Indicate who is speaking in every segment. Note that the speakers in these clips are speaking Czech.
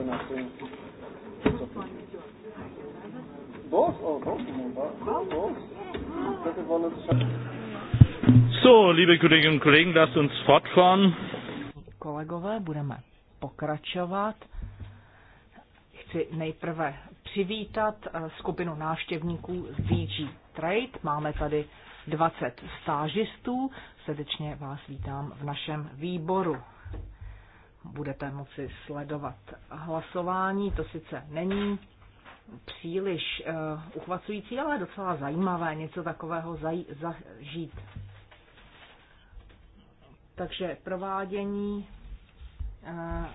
Speaker 1: to na Oh,
Speaker 2: Boss, Boss.
Speaker 1: So, liebe Kolleginnen und Kollegen, lasst uns fortfahren.
Speaker 2: Kolegové, budeme pokračovat. Chci nejprve přivítat eh, skupinu návštěvníků z DG Trade. Máme tady 20 stážistů. Srdečně vás vítám v našem výboru budete moci sledovat hlasování. To sice není příliš uh, uchvacující, ale docela zajímavé něco takového zaj- zažít. Takže provádění uh,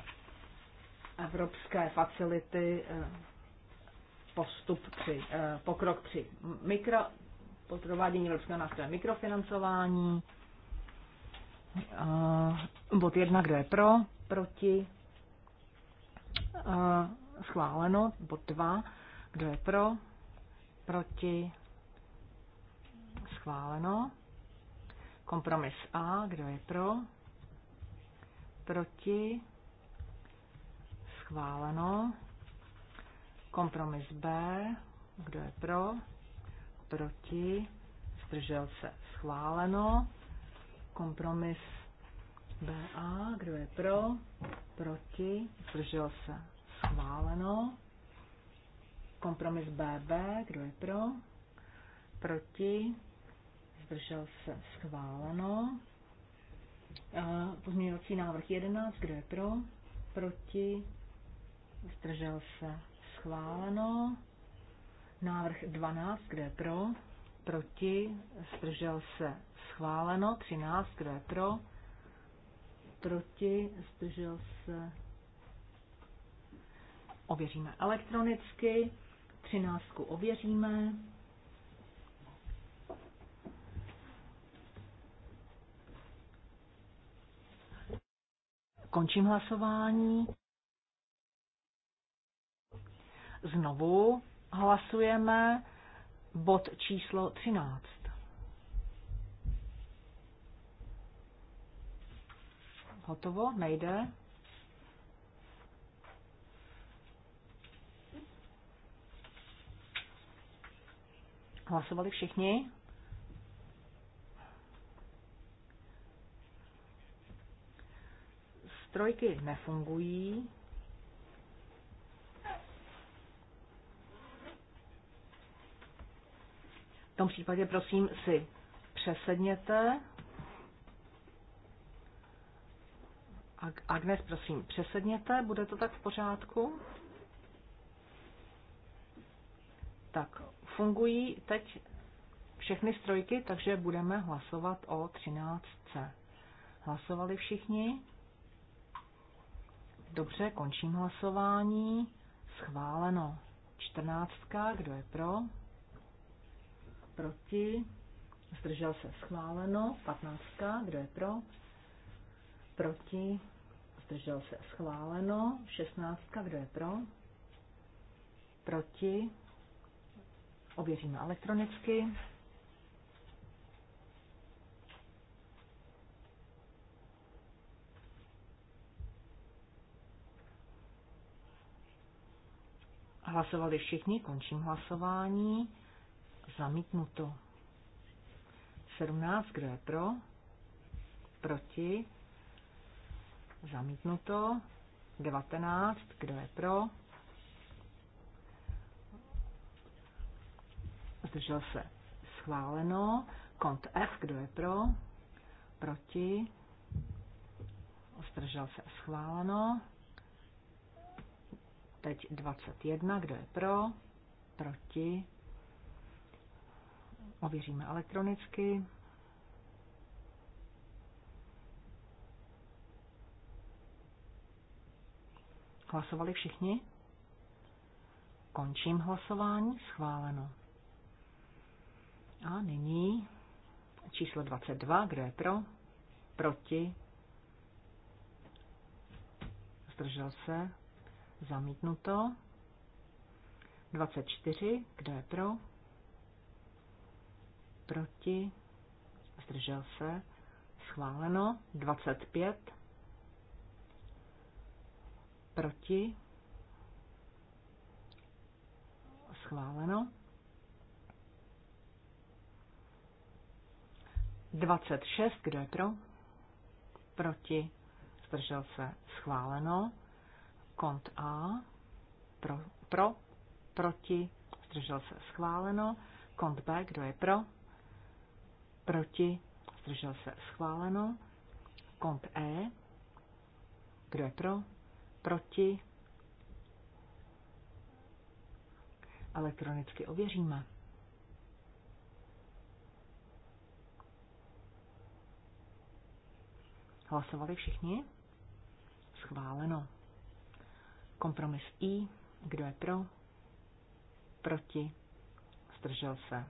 Speaker 2: evropské facility, uh, postup při, uh, pokrok při mikro, provádění evropského nástroje mikrofinancování, uh, bod jedna, kdo je pro, proti, eh, schváleno, bod 2, kdo je pro, proti, schváleno, kompromis A, kdo je pro, proti, schváleno, kompromis B, kdo je pro, proti, zdržel se, schváleno, kompromis BA, kdo je pro, proti, zdržel se, schváleno. Kompromis BB, kdo je pro, proti, zdržel se, schváleno. Pozměňovací návrh 11, kdo je pro, proti, zdržel se, schváleno. Návrh 12, kdo je pro, proti, zdržel se, schváleno. 13, kdo je pro, proti, zdržel se. Ověříme elektronicky, třináctku ověříme. Končím hlasování. Znovu hlasujeme bod číslo 13. Hotovo? Nejde? Hlasovali všichni? Strojky nefungují. V tom případě prosím si přesedněte. Agnes, prosím, přesedněte, bude to tak v pořádku? Tak, fungují teď všechny strojky, takže budeme hlasovat o 13C. Hlasovali všichni? Dobře, končím hlasování. Schváleno. 14. Kdo je pro? Proti? Zdržel se schváleno. 15. Kdo je pro? Proti? zdržel se schváleno. 16. Kdo je pro? Proti? Ověříme elektronicky. Hlasovali všichni, končím hlasování. Zamítnuto. 17, kdo je pro? Proti? Zamítnuto. 19. Kdo je pro? Zdržel se. Schváleno. Kont F. Kdo je pro? Proti. Zdržel se. Schváleno. Teď 21. Kdo je pro? Proti. Ověříme elektronicky. Hlasovali všichni? Končím hlasování. Schváleno. A nyní číslo 22. Kdo je pro? Proti? Zdržel se? Zamítnuto. 24. Kdo je pro? Proti? Zdržel se? Schváleno. 25 proti, schváleno. 26, kdo je pro? Proti, zdržel se, schváleno. Kont A, pro, pro proti, zdržel se, schváleno. Kont B, kdo je pro? Proti, zdržel se, schváleno. Kont E, kdo je pro? proti. Elektronicky ověříme. Hlasovali všichni? Schváleno. Kompromis I. Kdo je pro? Proti? Zdržel se?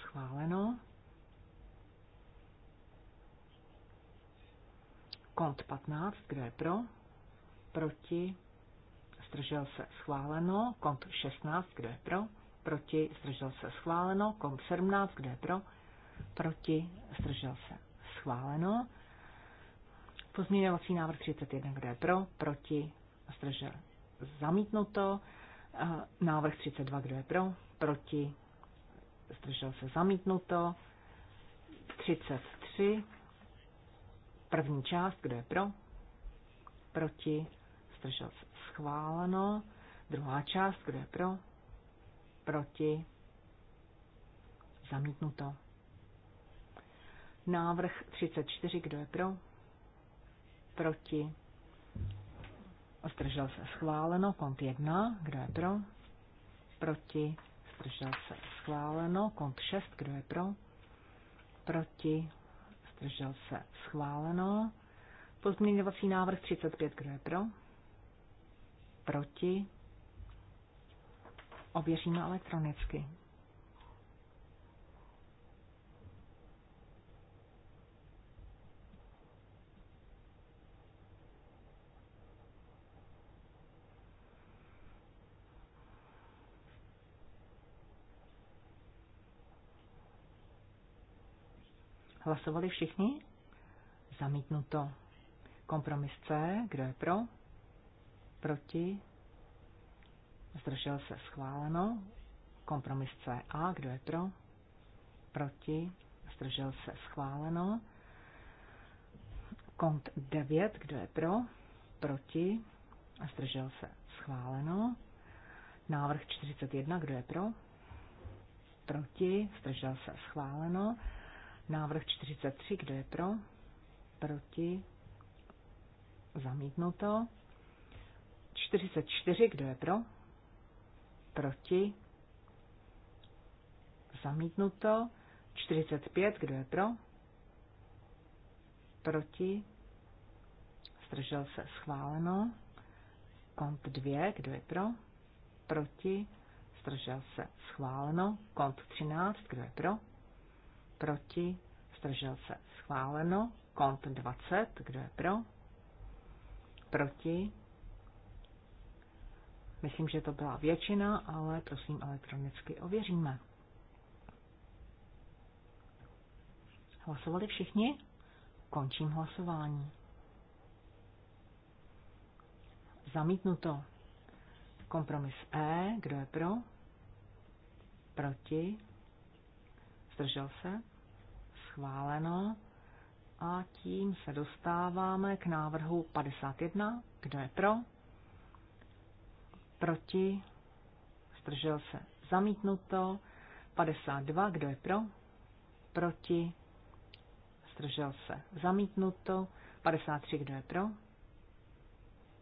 Speaker 2: Schváleno. Kont 15. Kdo je pro? proti, zdržel se schváleno, kont 16, kdo je pro, proti, zdržel se schváleno, kont 17, kdo je pro, proti, zdržel se schváleno. Pozměňovací návrh 31, kdo je pro, proti, zdržel zamítnuto. Eh, návrh 32, kdo je pro, proti, zdržel se zamítnuto. 33, první část, kdo je pro, proti, zdržel se schváleno. Druhá část, kdo je pro, proti, zamítnuto. Návrh 34, kdo je pro, proti, zdržel se schváleno. Kont 1, kdo je pro, proti, zdržel se schváleno. Kont 6, kdo je pro, proti, zdržel se schváleno. Pozměňovací návrh 35, kdo je pro? proti. Ověříme elektronicky. Hlasovali všichni? Zamítnuto. Kompromis C, kdo je pro? proti, zdržel se schváleno, kompromis a kdo je pro, proti, zdržel se schváleno, kont 9, kdo je pro, proti, zdržel se schváleno, návrh 41, kdo je pro, proti, zdržel se schváleno, návrh 43, kdo je pro, proti, zamítnuto, 44, kdo je pro? Proti? Zamítnuto. 45, kdo je pro? Proti? Zdržel se schváleno. Kont 2, kdo je pro? Proti? Zdržel se schváleno. Kont 13, kdo je pro? Proti? Zdržel se schváleno. Kont 20, kdo je pro? Proti? Myslím, že to byla většina, ale prosím elektronicky ověříme. Hlasovali všichni? Končím hlasování. Zamítnuto. Kompromis E. Kdo je pro? Proti? Zdržel se? Schváleno. A tím se dostáváme k návrhu 51. Kdo je pro? proti, zdržel se zamítnuto, 52, kdo je pro, proti, zdržel se zamítnuto, 53, kdo je pro,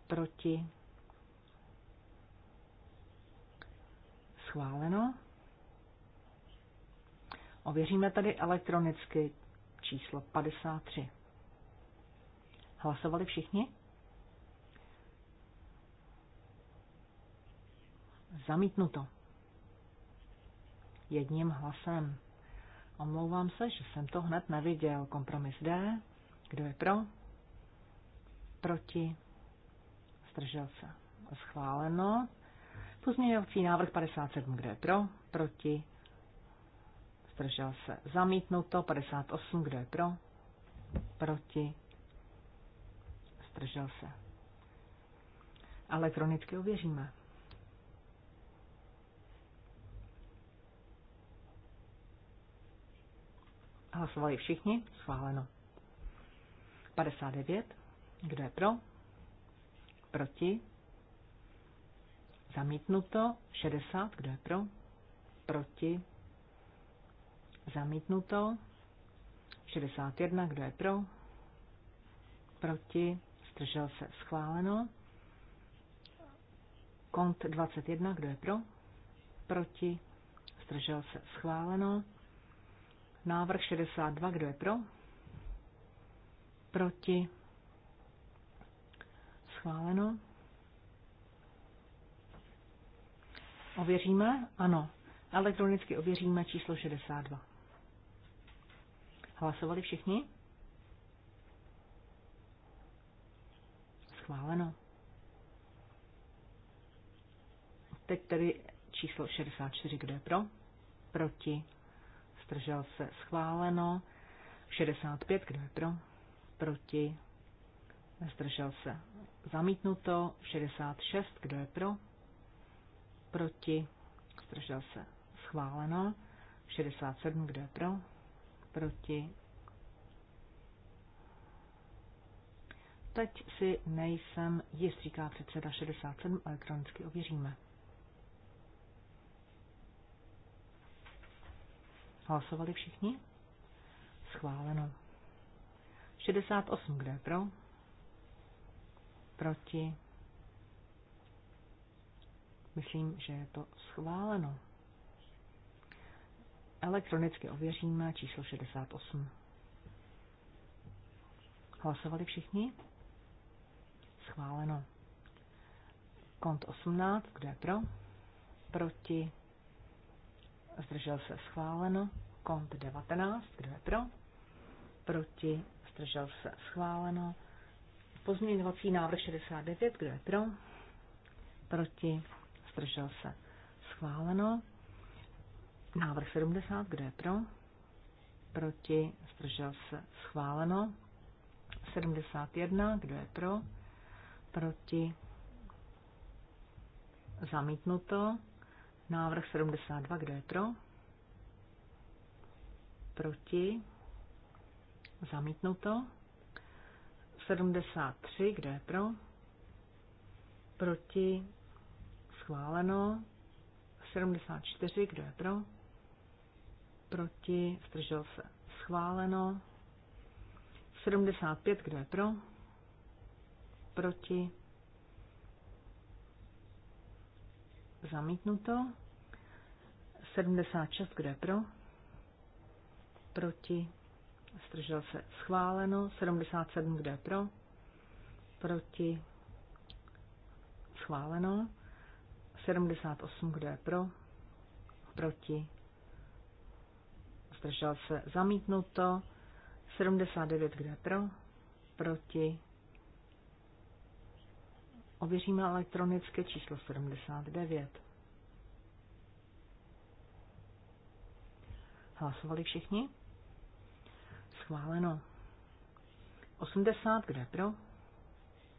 Speaker 2: proti, schváleno. Ověříme tady elektronicky číslo 53. Hlasovali všichni? Zamítnuto. Jedním hlasem. Omlouvám se, že jsem to hned neviděl. Kompromis D. Kdo je pro? Proti? Zdržel se. Schváleno. Pozměňovací návrh 57. Kdo je pro? Proti? Zdržel se. Zamítnuto. 58. Kdo je pro? Proti? Zdržel se. Elektronicky ověříme. Hlasovali všichni? Schváleno. 59. Kdo je pro? Proti? Zamítnuto. 60. Kdo je pro? Proti? Zamítnuto. 61. Kdo je pro? Proti? Zdržel se. Schváleno. Kont 21. Kdo je pro? Proti? Zdržel se. Schváleno. Návrh 62, kdo je pro? Proti? Schváleno. Ověříme? Ano. Elektronicky ověříme číslo 62. Hlasovali všichni? Schváleno. Teď tedy číslo 64, kdo je pro? Proti? zdržel se schváleno. 65, kdo je pro, proti, Nezdržel se zamítnuto. 66, kdo je pro, proti, zdržel se schváleno. 67, kdo je pro, proti. Teď si nejsem jist, říká předseda 67, elektronicky ověříme. Hlasovali všichni? Schváleno. 68, kde je pro? Proti? Myslím, že je to schváleno. Elektronicky ověříme číslo 68. Hlasovali všichni? Schváleno. Kont 18, kde je pro? Proti? zdržel se schváleno. Kont 19, kdo je pro? Proti, zdržel se schváleno. Pozměňovací návrh 69, kdo je pro? Proti, zdržel se schváleno. Návrh 70, kdo je pro? Proti, zdržel se schváleno. 71, kdo je pro? Proti, zamítnuto. Návrh 72, kdo je pro? Proti? Zamítnuto. 73, kdo je pro? Proti? Schváleno. 74, kdo je pro? Proti? Zdržel se. Schváleno. 75, kdo je pro? Proti? zamítnuto. 76, kdo je pro? Proti. Stržel se schváleno. 77, kdo je pro? Proti. Schváleno. 78, kdo je pro? Proti. Zdržel se zamítnuto. 79, kdo je pro? Proti. Ověříme elektronické číslo 79. Hlasovali všichni? Schváleno. 80, kde pro?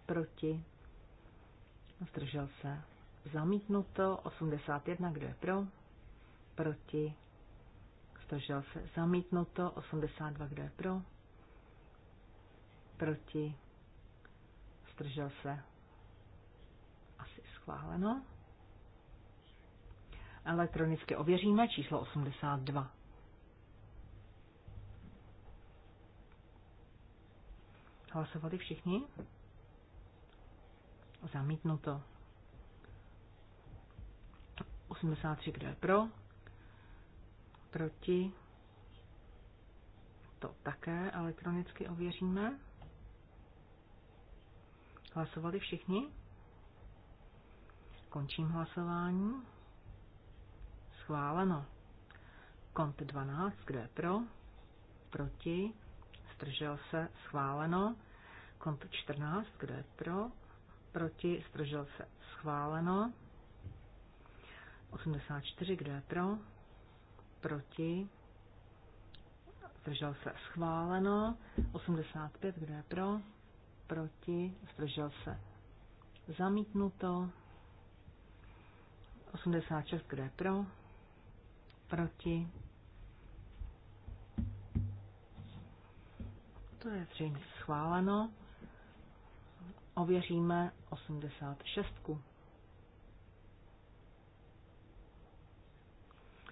Speaker 2: Proti. Zdržel se. Zamítnuto. 81, kde pro? Proti. Zdržel se. Zamítnuto. 82, kde pro? Proti. Zdržel se Schváleno. Elektronicky ověříme číslo 82. Hlasovali všichni? Zamítnuto. 83, kdo je pro? Proti? To také elektronicky ověříme. Hlasovali všichni? Končím hlasování. Schváleno. Kont 12, kdo je pro? Proti? Stržel se? Schváleno. Kont 14, kdo je pro? Proti? Stržel se? Schváleno. 84, kdo je pro? Proti? Zdržel se? Schváleno. 85, kdo je pro? Proti? Zdržel se? Zamítnuto. 86, kdo je pro? Proti? To je zřejmě schváleno. Ověříme 86.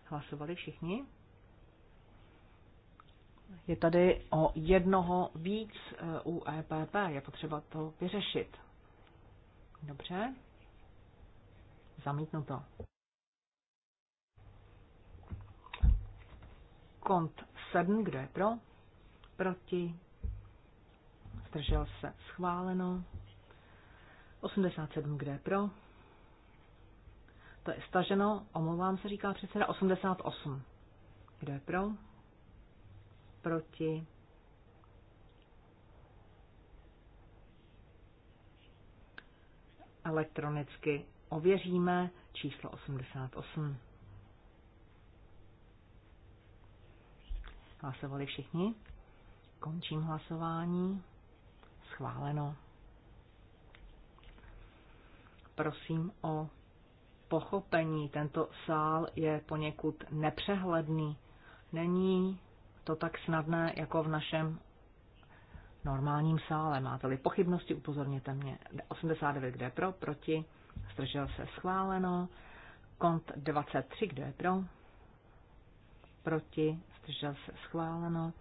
Speaker 2: Hlasovali všichni? Je tady o jednoho víc eh, u EPP, je potřeba to vyřešit. Dobře, Zamítnuto. Kont 7, kdo je pro? Proti? Zdržel se schváleno. 87, kdo je pro? To je staženo, omlouvám se, říká předseda. 88. Kdo je pro? Proti? Elektronicky ověříme číslo 88. Hlasovali všichni? Končím hlasování. Schváleno. Prosím o pochopení. Tento sál je poněkud nepřehledný. Není to tak snadné jako v našem normálním sále. Máte-li pochybnosti, upozorněte mě. 89 kde pro, proti Zdržel se schváleno. Kont 23, kdo je pro? Proti. Zdržel se schváleno.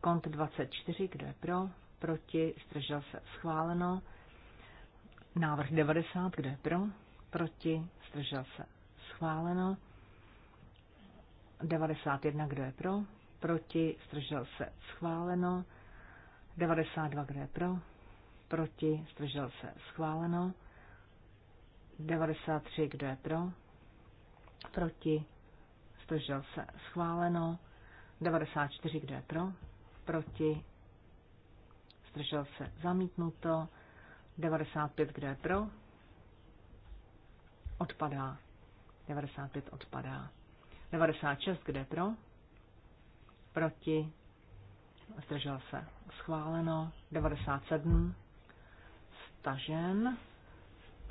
Speaker 2: Kont 24, kdo je pro? Proti. Zdržel se schváleno. Návrh 90, kdo je pro? Proti. Zdržel se schváleno. 91, kdo je pro? Proti. Zdržel se schváleno. 92, kdo je pro? Proti. Zdržel se schváleno. 93, kdo je pro, proti, zdržel se, schváleno, 94, kdo je pro, proti, zdržel se, zamítnuto, 95, kdo je pro, odpadá, 95 odpadá, 96, kdo je pro, proti, zdržel se, schváleno, 97, stažen,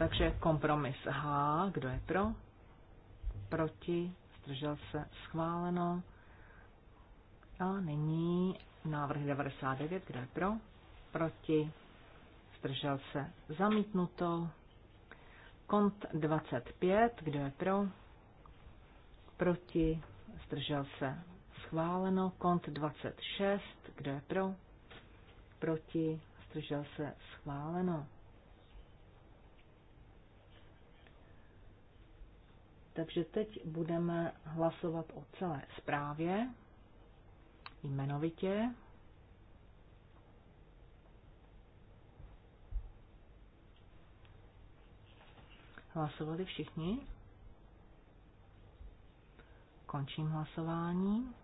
Speaker 2: takže kompromis H, kdo je pro? Proti, zdržel se, schváleno. A nyní návrh 99, kdo je pro? Proti, zdržel se, zamítnuto. Kont 25, kdo je pro? Proti, zdržel se, schváleno. Kont 26, kdo je pro? Proti, zdržel se, schváleno. Takže teď budeme hlasovat o celé zprávě jmenovitě. Hlasovali všichni? Končím hlasování.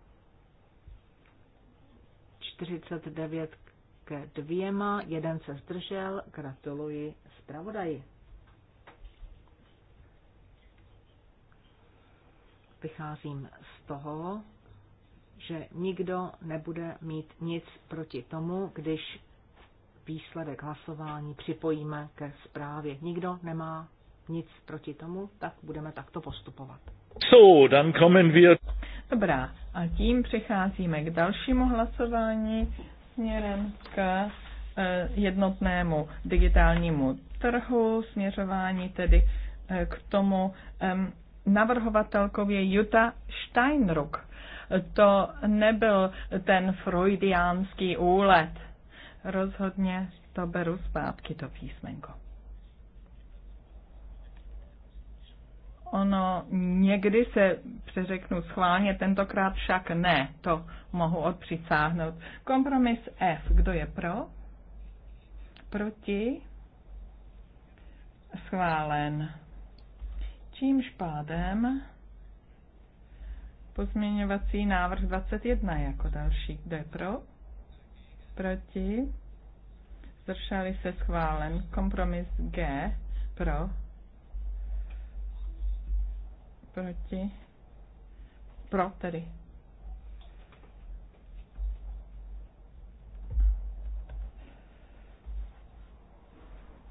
Speaker 2: 49 k dvěma, jeden se zdržel. Gratuluji zpravodaji. vycházím z toho, že nikdo nebude mít nic proti tomu, když výsledek hlasování připojíme ke zprávě. Nikdo nemá nic proti tomu, tak budeme takto postupovat.
Speaker 1: So, dann kommen wir...
Speaker 3: Dobrá, a tím přecházíme k dalšímu hlasování směrem k e, jednotnému digitálnímu trhu, směřování tedy e, k tomu, navrhovatelkou je Jutta Steinruck. To nebyl ten freudiánský úlet. Rozhodně to beru zpátky, to písmenko. Ono někdy se přeřeknu schválně, tentokrát však ne, to mohu odpřicáhnout. Kompromis F, kdo je pro? Proti? Schválen. Tímž pádem pozměňovací návrh 21 jako další. Kdo je pro? Proti? Zdrželi se schválen. Kompromis G. Pro? Proti? Pro tedy.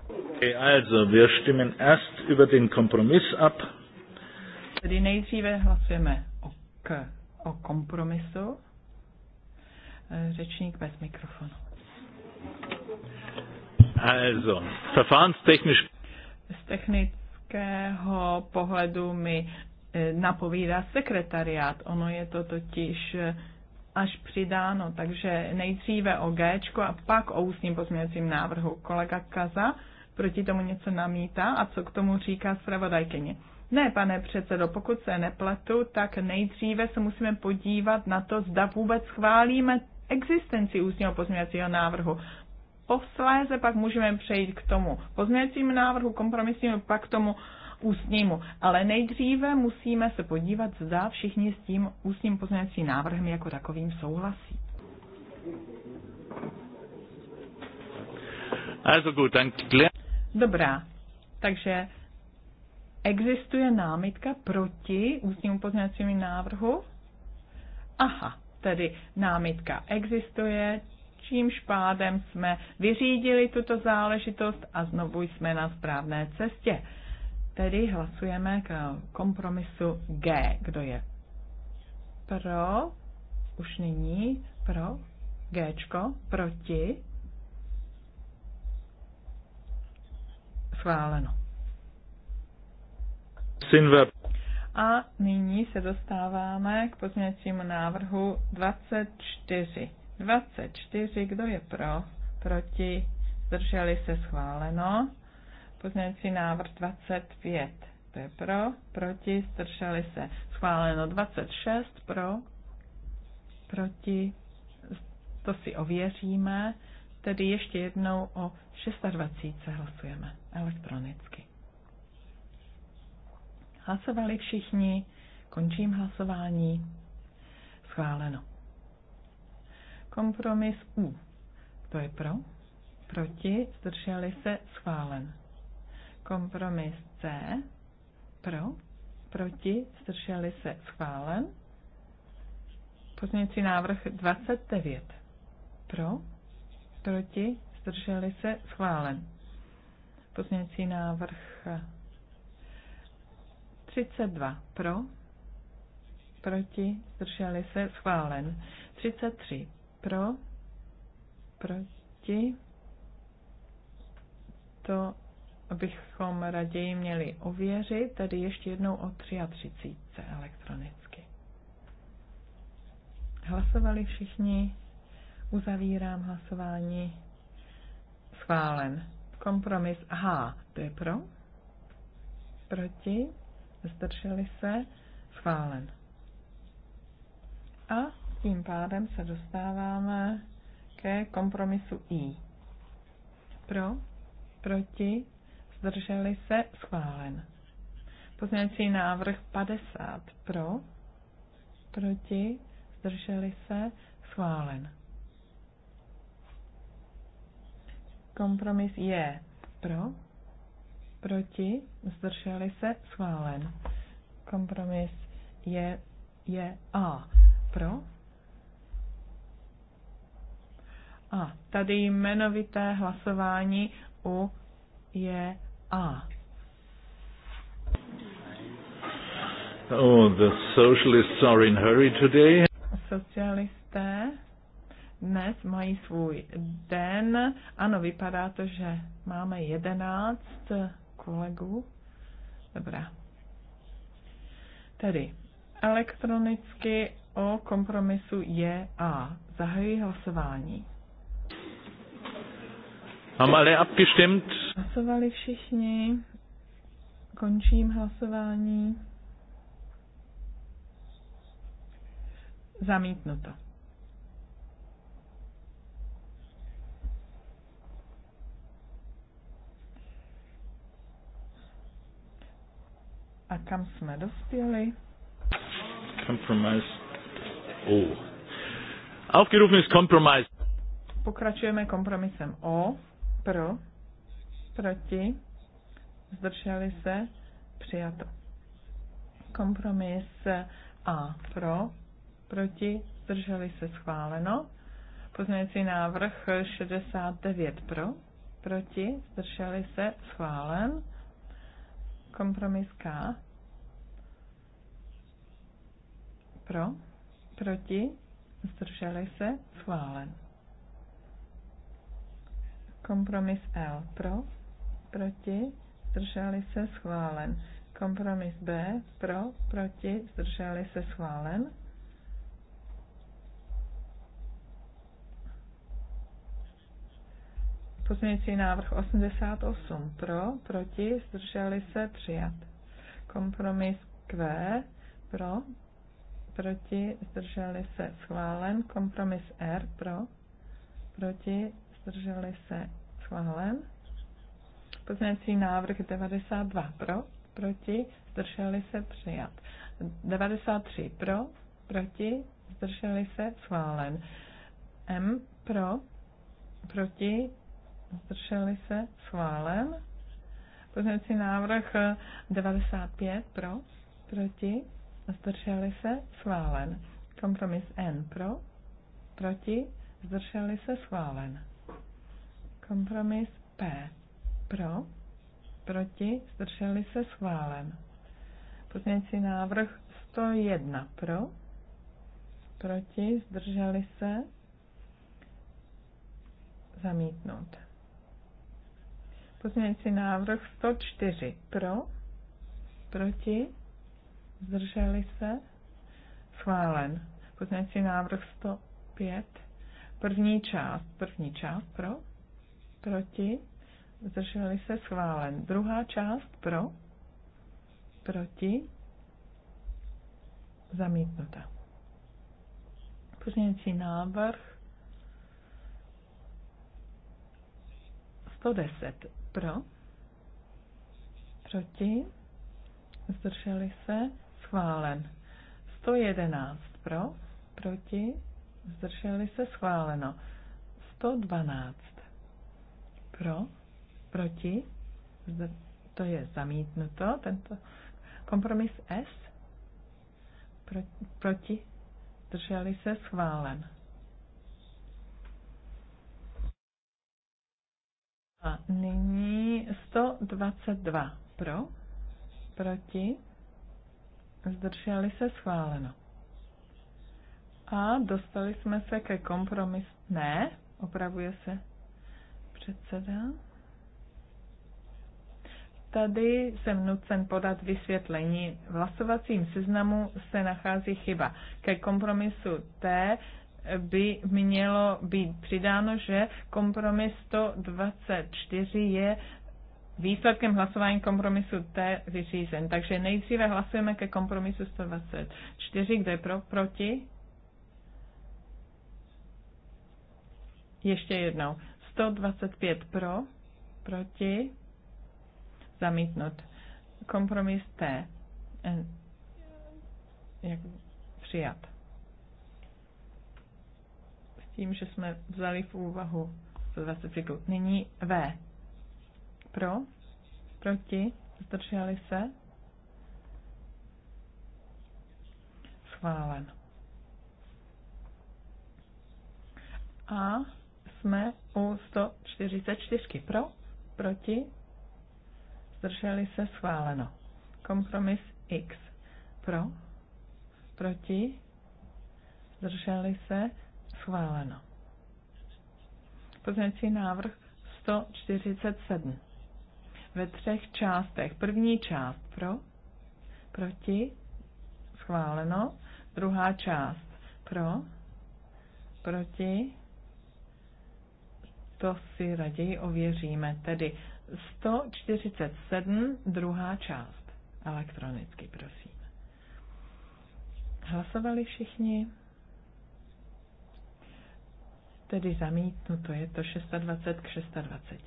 Speaker 1: Okay, also, wir stimmen erst über den Kompromiss ab.
Speaker 3: Tedy nejdříve hlasujeme o, k, o kompromisu. Řečník bez mikrofonu.
Speaker 1: Also, verfahrenstechnisch.
Speaker 3: Z technického pohledu mi e, napovídá sekretariát. Ono je to totiž e, až přidáno, takže nejdříve o G a pak o ústním pozměňovacím návrhu. Kolega Kaza proti tomu něco namítá a co k tomu říká zpravodajkyně. Ne, pane předsedo, pokud se nepletu, tak nejdříve se musíme podívat na to, zda vůbec schválíme existenci ústního pozměňovacího návrhu. Posléze pak můžeme přejít k tomu pozměňovacímu návrhu, kompromisnímu, pak k tomu ústnímu. Ale nejdříve musíme se podívat, zda všichni s tím ústním pozměňovacím návrhem jako takovým souhlasí.
Speaker 1: Also gut, dann
Speaker 3: Dobrá, takže existuje námitka proti ústnímu pozměňovacímu návrhu? Aha, tedy námitka existuje, čímž pádem jsme vyřídili tuto záležitost a znovu jsme na správné cestě. Tedy hlasujeme k kompromisu G. Kdo je pro? Už nyní pro? Gčko? Proti? Schváleno. A nyní se dostáváme k pozměňovacímu návrhu 24. 24, kdo je pro, proti, zdrželi se schváleno. Pozměňovací návrh 25, to je pro, proti, zdrželi se schváleno. 26, pro, proti, to si ověříme. Tedy ještě jednou o 26 hlasujeme elektronicky. Hlasovali všichni, končím hlasování. Schváleno. Kompromis U. To je pro? Proti? Zdrželi se? Schválen. Kompromis C. Pro? Proti? Zdrželi se? Schválen. Pozměňující návrh 29. Pro? proti, zdrželi se, schválen. Pozměňovací návrh 32 pro, proti, zdrželi se, schválen. 33 pro, proti, to bychom raději měli ověřit, tady ještě jednou o 33 elektronicky. Hlasovali všichni Uzavírám hlasování. Schválen. Kompromis H. To je pro? Proti? Zdrželi se? Schválen. A tím pádem se dostáváme ke kompromisu I. Pro? Proti? Zdrželi se? Schválen. Pozměňující návrh 50. Pro? Proti? Zdrželi se? Schválen. Kompromis je pro, proti, zdrželi se, schválen. Kompromis je, je A pro. A tady jmenovité hlasování u je A.
Speaker 1: Oh, the socialists are in hurry today.
Speaker 3: Socialisté dnes mají svůj den. Ano, vypadá to, že máme jedenáct kolegů. Dobrá. Tedy elektronicky o kompromisu je A. Zahajuji hlasování.
Speaker 1: Mám ale abgestimmt?
Speaker 3: Hlasovali všichni. Končím hlasování. Zamítnuto. A kam jsme dospěli?
Speaker 1: Compromise. O. Aufgerufen ist Compromise.
Speaker 3: Pokračujeme kompromisem O. Pro. Proti. Zdrželi se. Přijato. Kompromis A. Pro. Proti. Zdrželi se. Schváleno. Pozměňující návrh 69 pro, proti, zdrželi se, schválen. Kompromis K. Pro, proti, zdrželi se, schválen. Kompromis L. Pro, proti, zdrželi se, schválen. Kompromis B. Pro, proti, zdrželi se, schválen. Pozměňující návrh 88 pro, proti, zdrželi se, přijat. Kompromis Q pro, proti, zdrželi se, schválen. Kompromis R pro, proti, zdrželi se, schválen. Pozměňující návrh 92 pro, proti, zdrželi se, přijat. 93 pro, proti, zdrželi se, schválen. M pro, proti, zdrželi se, schválen. Pozměňovací návrh 95 eh, pro, proti, zdrželi se, schválen. Kompromis N pro, proti, zdrželi se, schválen. Kompromis P pro, proti, zdrželi se, schválen. Pozměňovací návrh 101 pro, proti, zdrželi se, zamítnout. Pozměňující návrh 104 pro, proti, zdrželi se, schválen. Pozměňující návrh 105, první část, první část pro, proti, zdrželi se, schválen. Druhá část pro, proti, zamítnuta. Pozměňující návrh 110 pro, proti, zdrželi se, schválen. 111 pro, proti, zdrželi se, schváleno. 112 pro, proti, zdr- to je zamítnuto, tento kompromis S, pro, proti, zdrželi se, schválen. A nyní 122 pro, proti, zdrželi se schváleno. A dostali jsme se ke kompromis. Ne, opravuje se předseda. Tady jsem nucen podat vysvětlení. V hlasovacím seznamu se nachází chyba. Ke kompromisu T by mělo být přidáno, že kompromis 124 je výsledkem hlasování kompromisu T vyřízen. Takže nejdříve hlasujeme ke kompromisu 124. Kde je pro? Proti? Ještě jednou. 125 pro, proti, zamítnut. Kompromis T. Jak přijat tím, že jsme vzali v úvahu cyklu. Nyní V. Pro, proti, zdrželi se, schválen. A jsme u 144. Pro, proti, zdrželi se, schváleno. Kompromis X. Pro, proti, zdrželi se, Schváleno. Pozměňovací návrh 147. Ve třech částech. První část pro, proti, schváleno. Druhá část pro, proti, to si raději ověříme. Tedy 147, druhá část. Elektronicky, prosím. Hlasovali všichni? tedy zamítnuto, je to 620 k 620.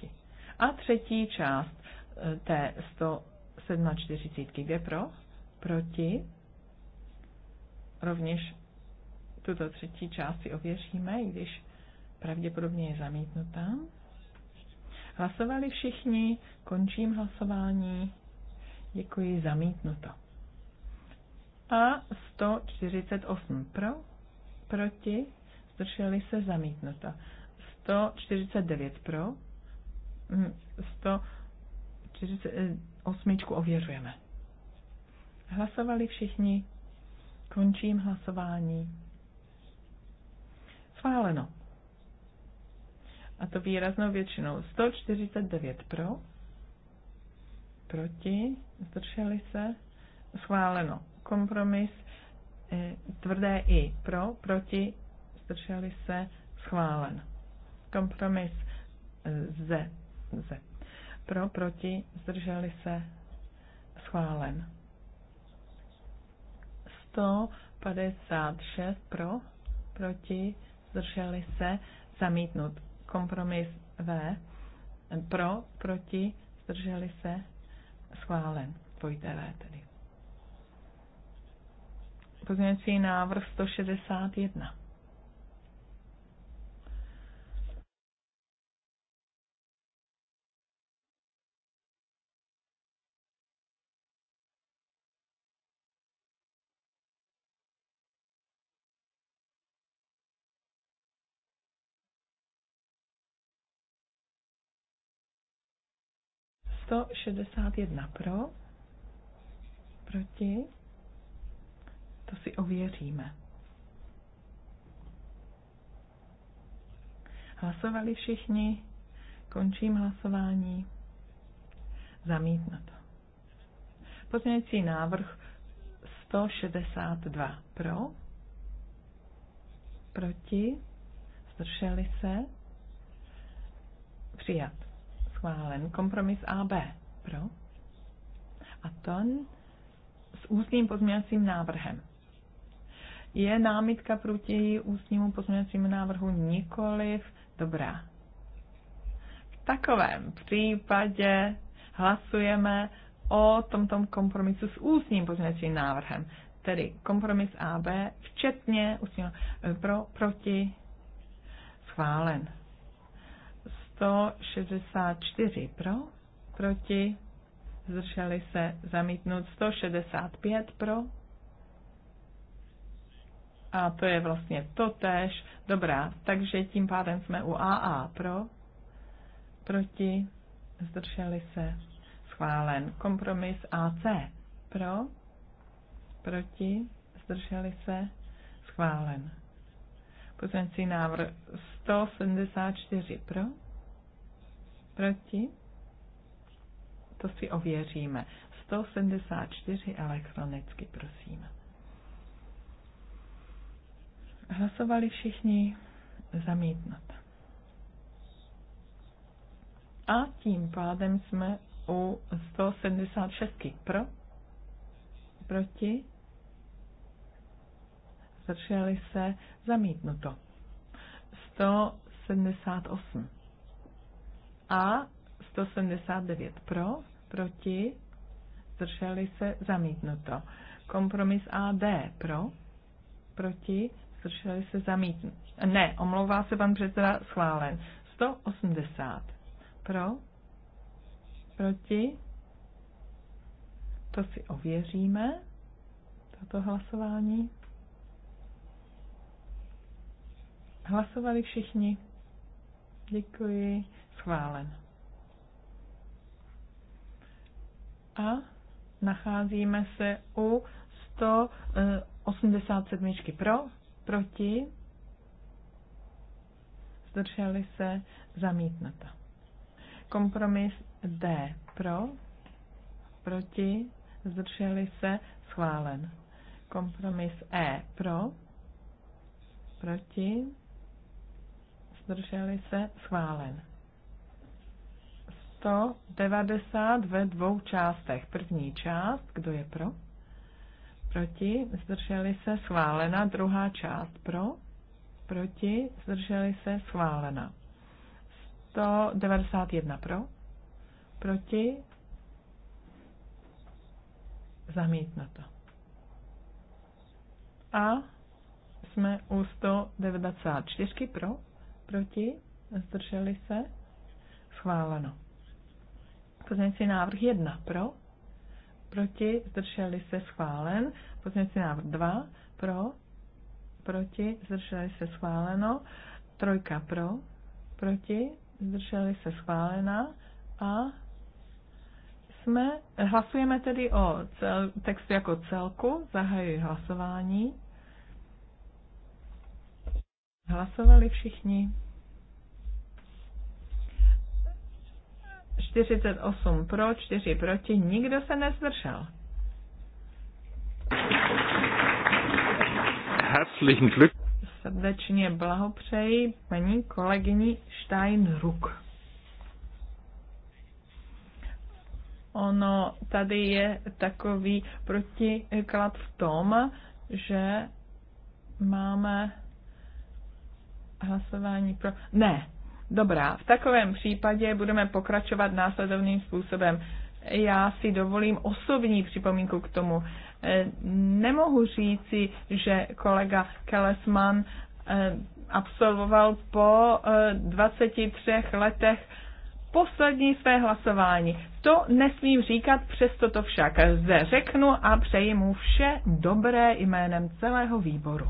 Speaker 3: A třetí část eh, té 147, kde pro, proti, rovněž tuto třetí část si ověříme, i když pravděpodobně je zamítnutá. Hlasovali všichni, končím hlasování, děkuji, zamítnuto. A 148 pro, proti, zdrželi se, zamítnuta. 149 pro, 148 hm, ověřujeme. Hlasovali všichni, končím hlasování. Schváleno. A to výraznou většinou. 149 pro, proti, zdrželi se, schváleno. Kompromis eh, tvrdé i pro, proti, zdrželi se, schválen. Kompromis Z. Eh, Z. Pro, proti, zdrželi se, schválen. 156 pro, proti, zdrželi se, zamítnut. Kompromis V. Eh, pro, proti, zdrželi se, schválen. Dvojité V tedy. Pozměňující návrh
Speaker 2: 161.
Speaker 1: 161 pro,
Speaker 3: proti, to si ověříme. Hlasovali všichni, končím hlasování, zamítnuto. Pozměňující návrh 162 pro, proti, zdrželi se, přijat. Schválen. Kompromis AB. Pro. A to s ústním pozměňovacím návrhem. Je námitka proti ústnímu pozměňovacímu návrhu nikoliv dobrá. V takovém případě hlasujeme o tomto kompromisu s ústním pozměňovacím návrhem. Tedy kompromis AB, včetně ústního, pro, proti, schválen. 164 pro, proti, zdrželi se zamítnout 165 pro. A to je vlastně to tež. Dobrá, takže tím pádem jsme u AA pro, proti, zdrželi se schválen. Kompromis AC pro, proti, zdrželi se schválen. Pozemcí návrh 174 pro Proti? To si ověříme. 174 elektronicky, prosím. Hlasovali všichni zamítnat. A tím pádem jsme u 176 pro, proti, zdrželi se zamítnuto. 178 a 179 pro, proti, zdrželi se, zamítnuto. Kompromis AD pro, proti, zdrželi se, zamítnuto. Ne, omlouvá se pan předseda, schválen. 180 pro, proti, to si ověříme, toto hlasování. Hlasovali všichni. Děkuji schválen. A nacházíme se u 187 eh, pro, proti, zdrželi se zamítnata. Kompromis D pro, proti, zdrželi se schválen. Kompromis E pro, proti, zdrželi se schválen. 190 ve dvou částech. První část, kdo je pro? Proti, zdrželi se, schválena. Druhá část pro, proti, zdrželi se, schválena. 191 pro, proti, zamítnuto. A jsme u 194 pro, proti, zdrželi se, schváleno. Pozměňující návrh 1 pro, proti, zdrželi se schválen. Pozměňující návrh 2 pro, proti, zdrželi se schváleno. Trojka pro, proti, zdrželi se schválena. A jsme, hlasujeme tedy o cel, textu jako celku, zahajuji hlasování. Hlasovali všichni. 48 pro, 4 proti, nikdo se nezdržel.
Speaker 1: Herzlichen Glück.
Speaker 3: Srdečně blahopřeji paní kolegyni Steinruck. Ono tady je takový protiklad v tom, že máme hlasování pro... Ne, Dobrá, v takovém případě budeme pokračovat následovným způsobem. Já si dovolím osobní připomínku k tomu. E, nemohu říci, že kolega Kelesman e, absolvoval po 23 e, letech poslední své hlasování. To nesmím říkat, přesto to však zde řeknu a přeji mu vše dobré jménem celého výboru.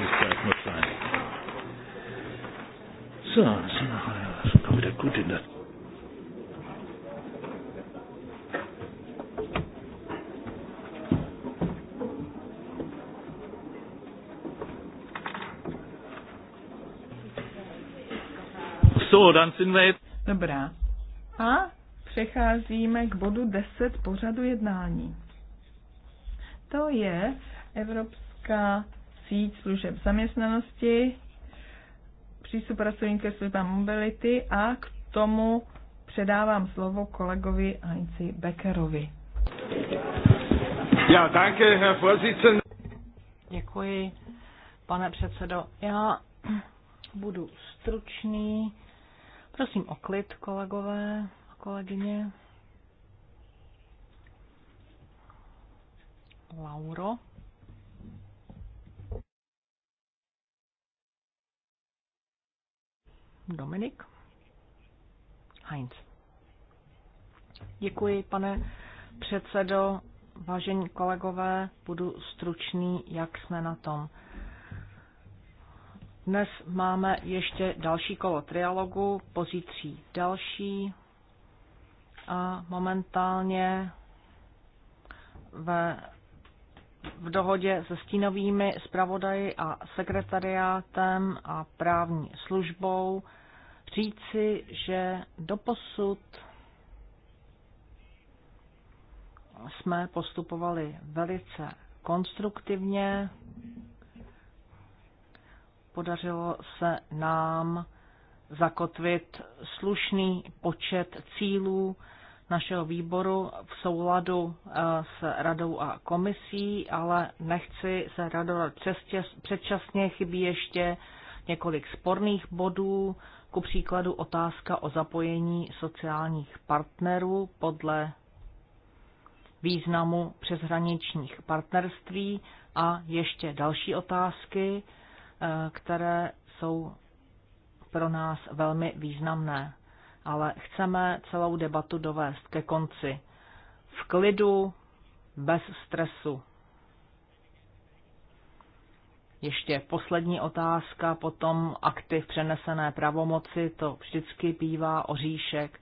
Speaker 1: Děkuji muss sein. So, das wir wieder gut in
Speaker 3: So, dann sind wir jetzt. Dobrá. A přecházíme k bodu 10 pořadu jednání. To je Evropská síť služeb zaměstnanosti, přístup pracovní ke službám mobility a k tomu předávám slovo kolegovi Heinzi Beckerovi.
Speaker 1: Já také, Herr
Speaker 2: Děkuji, pane předsedo. Já budu stručný. Prosím o klid, kolegové a kolegyně. Lauro. Dominik Heinz. Děkuji, pane předsedo. Vážení kolegové, budu stručný, jak jsme na tom. Dnes máme ještě další kolo trialogu, pozítří další a momentálně ve, v dohodě se stínovými zpravodaji a sekretariátem a právní službou říci, že doposud jsme postupovali velice konstruktivně. Podařilo se nám zakotvit slušný počet cílů našeho výboru v souladu eh, s radou a komisí, ale nechci se radovat předčasně, chybí ještě několik sporných bodů, ku příkladu otázka o zapojení sociálních partnerů podle významu přeshraničních partnerství a ještě další otázky, eh, které jsou pro nás velmi významné. Ale chceme celou debatu dovést ke konci. V klidu, bez stresu. Ještě poslední otázka, potom aktiv přenesené pravomoci, to vždycky bývá oříšek,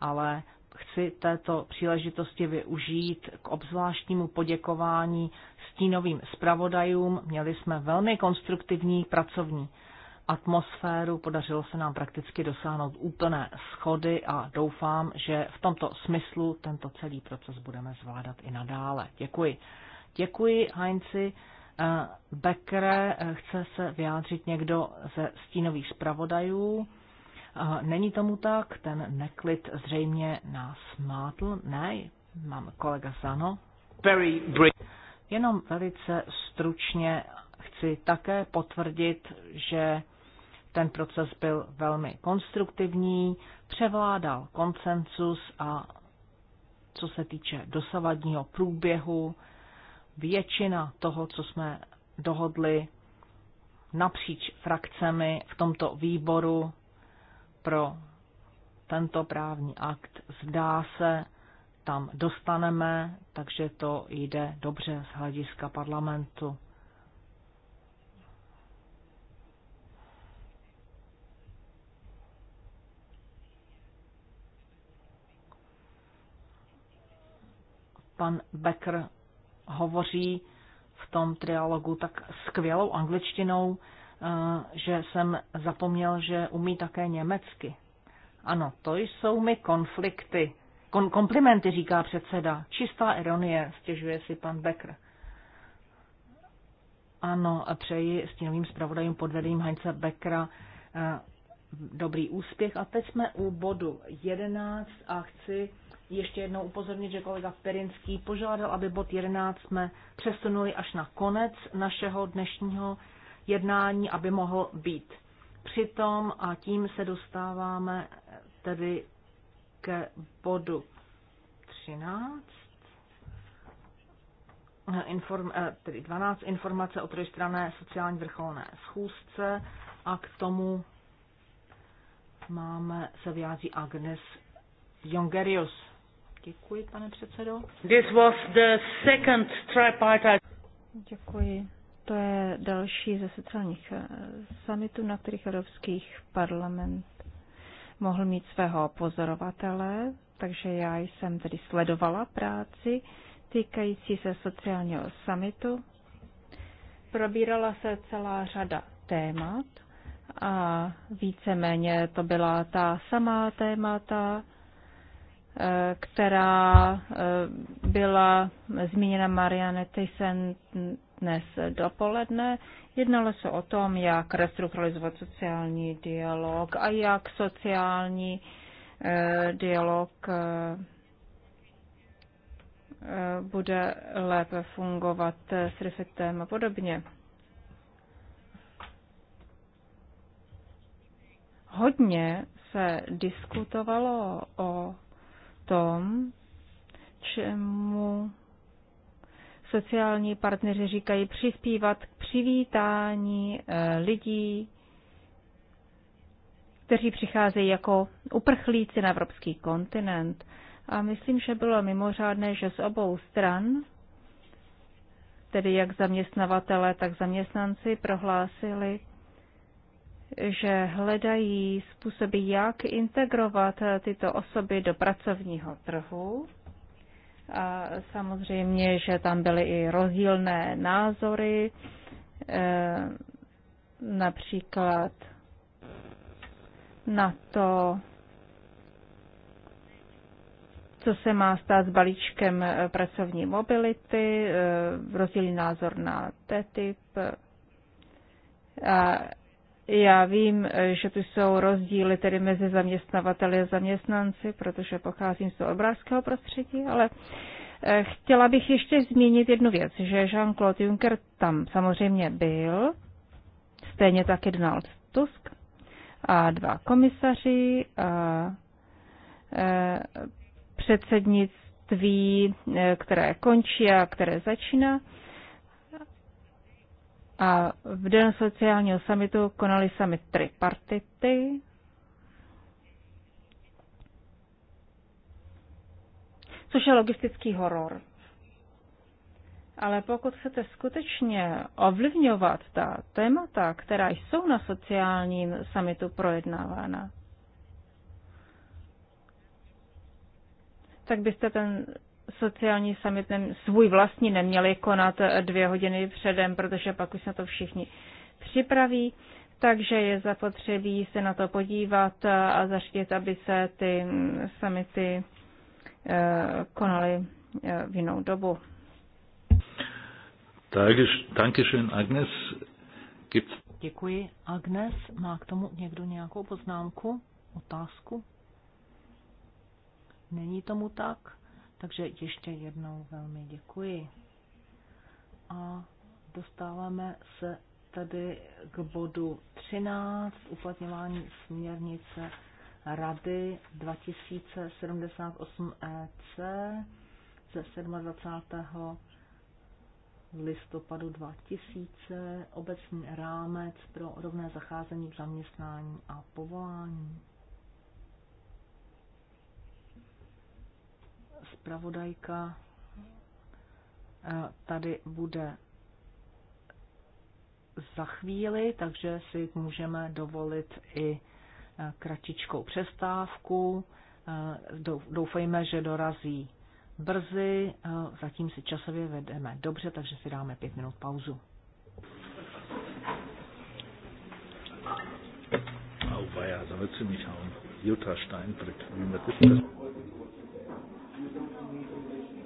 Speaker 2: ale chci této příležitosti využít k obzvláštnímu poděkování stínovým zpravodajům. Měli jsme velmi konstruktivní pracovní atmosféru, podařilo se nám prakticky dosáhnout úplné schody a doufám, že v tomto smyslu tento celý proces budeme zvládat i nadále. Děkuji. Děkuji, Heinzi. Bekre, eh, chce se vyjádřit někdo ze stínových zpravodajů. Eh, není tomu tak, ten neklid zřejmě nás mátl. Ne, mám kolega Zano. Jenom velice stručně chci také potvrdit, že ten proces byl velmi konstruktivní, převládal konsensus a co se týče dosavadního průběhu, většina toho, co jsme dohodli napříč frakcemi v tomto výboru pro tento právní akt, zdá se, tam dostaneme, takže to jde dobře z hlediska parlamentu. Pan Becker hovoří v tom trialogu tak skvělou angličtinou, eh, že jsem zapomněl, že umí také německy. Ano, to jsou mi konflikty. Kon- komplimenty, říká předseda. Čistá ironie, stěžuje si pan Becker. Ano, přeji stínovým zpravodajům pod vedením Heinze Beckera eh, dobrý úspěch. A teď jsme u bodu 11 a chci ještě jednou upozornit, že kolega Perinský požádal, aby bod 11 jsme přesunuli až na konec našeho dnešního jednání, aby mohl být přitom a tím se dostáváme tedy ke bodu 13. Inform, eh, tedy 12 informace o trojstrané sociální vrcholné schůzce a k tomu máme se vyjádří Agnes Jongerius. Děkuji, pane předsedo.
Speaker 4: This was the second tripartite. Děkuji. To je další ze sociálních eh, summitů, na kterých Evropských parlament mohl mít svého pozorovatele, takže já jsem tedy sledovala práci týkající se sociálního summitu. Probírala se celá řada témat a víceméně to byla ta samá témata, Eh, která eh, byla zmíněna Marianne Thyssen dnes dopoledne. Jednalo se o tom, jak restrukturalizovat sociální dialog a jak sociální eh, dialog bude lépe fungovat s refitem a podobně. Hodně se diskutovalo o tom, čemu sociální partneři říkají přispívat k přivítání eh, lidí, kteří přicházejí jako uprchlíci na evropský kontinent. A myslím, že bylo mimořádné, že z obou stran, tedy jak zaměstnavatele, tak zaměstnanci, prohlásili, že hledají způsoby, jak integrovat tyto osoby do pracovního trhu. A samozřejmě, že tam byly i rozdílné názory, eh, například na to, co se má stát s balíčkem pracovní mobility, eh, rozdílný názor na TTIP. A já vím, že tu jsou rozdíly tedy mezi zaměstnavateli a zaměstnanci, protože pocházím z toho obrářského prostředí, ale eh, chtěla bych ještě zmínit jednu věc, že Jean-Claude Juncker tam samozřejmě byl, stejně taky Donald Tusk a dva komisaři a eh, předsednictví, eh, které končí a které začíná. A v den sociálního samitu konali sami partity. Což je logistický horor. Ale pokud chcete skutečně ovlivňovat ta témata, která jsou na sociálním samitu projednávána, tak byste ten sociální summit nem, svůj vlastní neměli konat dvě hodiny předem, protože pak už se to všichni připraví, takže je zapotřebí se na to podívat a zařídit, aby se ty summity eh, konaly eh, v jinou dobu.
Speaker 1: Dankeschön, Agnes. Gibt's...
Speaker 4: Děkuji. Agnes, má k
Speaker 2: tomu někdo nějakou poznámku, otázku? Není tomu tak? Takže ještě jednou velmi děkuji. A dostáváme se tedy k bodu 13, uplatňování směrnice Rady 2078 EC ze 27. listopadu 2000 obecný rámec pro rovné zacházení v zaměstnání a povolání. zpravodajka eh, tady bude za chvíli, takže si můžeme dovolit i eh, kratičkou přestávku. Eh, doufejme, že dorazí brzy, zatím si časově vedeme dobře, takže si dáme pět minut pauzu.
Speaker 1: ja, da wird ziemlich hauen. Jutta Steinbrück, wie man das Thank you.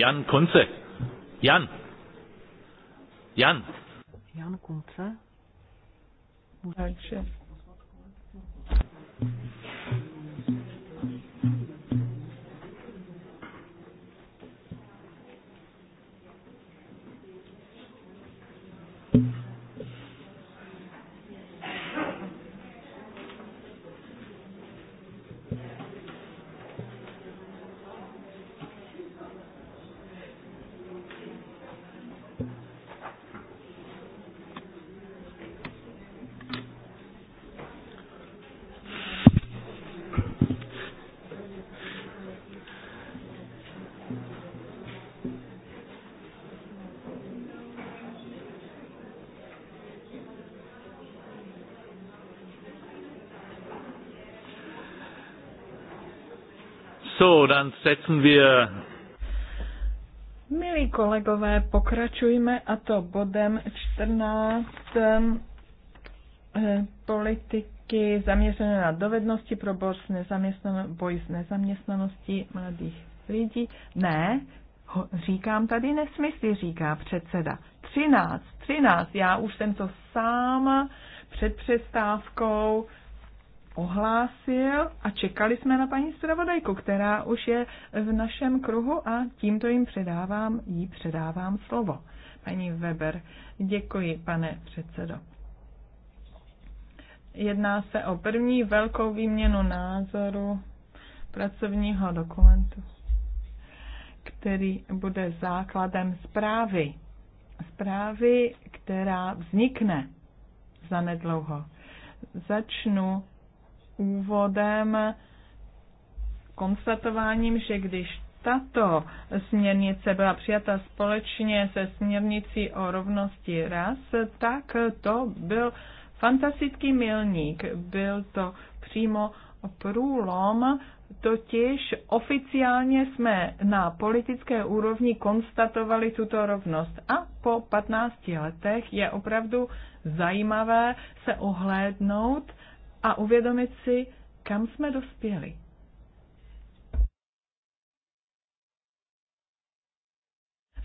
Speaker 1: Jan Kunce. Jan. Jan.
Speaker 2: Jan Kunce. Takže
Speaker 1: So, dann setzen wir.
Speaker 3: Milí kolegové, pokračujme a to bodem 14 eh, politiky zaměřené na dovednosti pro boj s, boj s nezaměstnaností mladých lidí. Ne, ho, říkám tady nesmysly, říká předseda. 13, 13, já už jsem to sama před přestávkou ohlásil a čekali jsme na paní zpravodajku, která už je v našem kruhu a tímto jim předávám, jí předávám slovo. Paní Weber, děkuji, pane předsedo. Jedná se o první velkou výměnu názoru pracovního dokumentu, který bude základem zprávy. Zprávy, která vznikne zanedlouho. Začnu úvodem konstatováním, že když tato směrnice byla přijata společně se směrnicí o rovnosti ras, tak to byl fantastický milník. Byl to přímo průlom, totiž oficiálně jsme na politické úrovni konstatovali tuto rovnost a po 15 letech je opravdu zajímavé se ohlédnout a uvědomit si, kam jsme dospěli.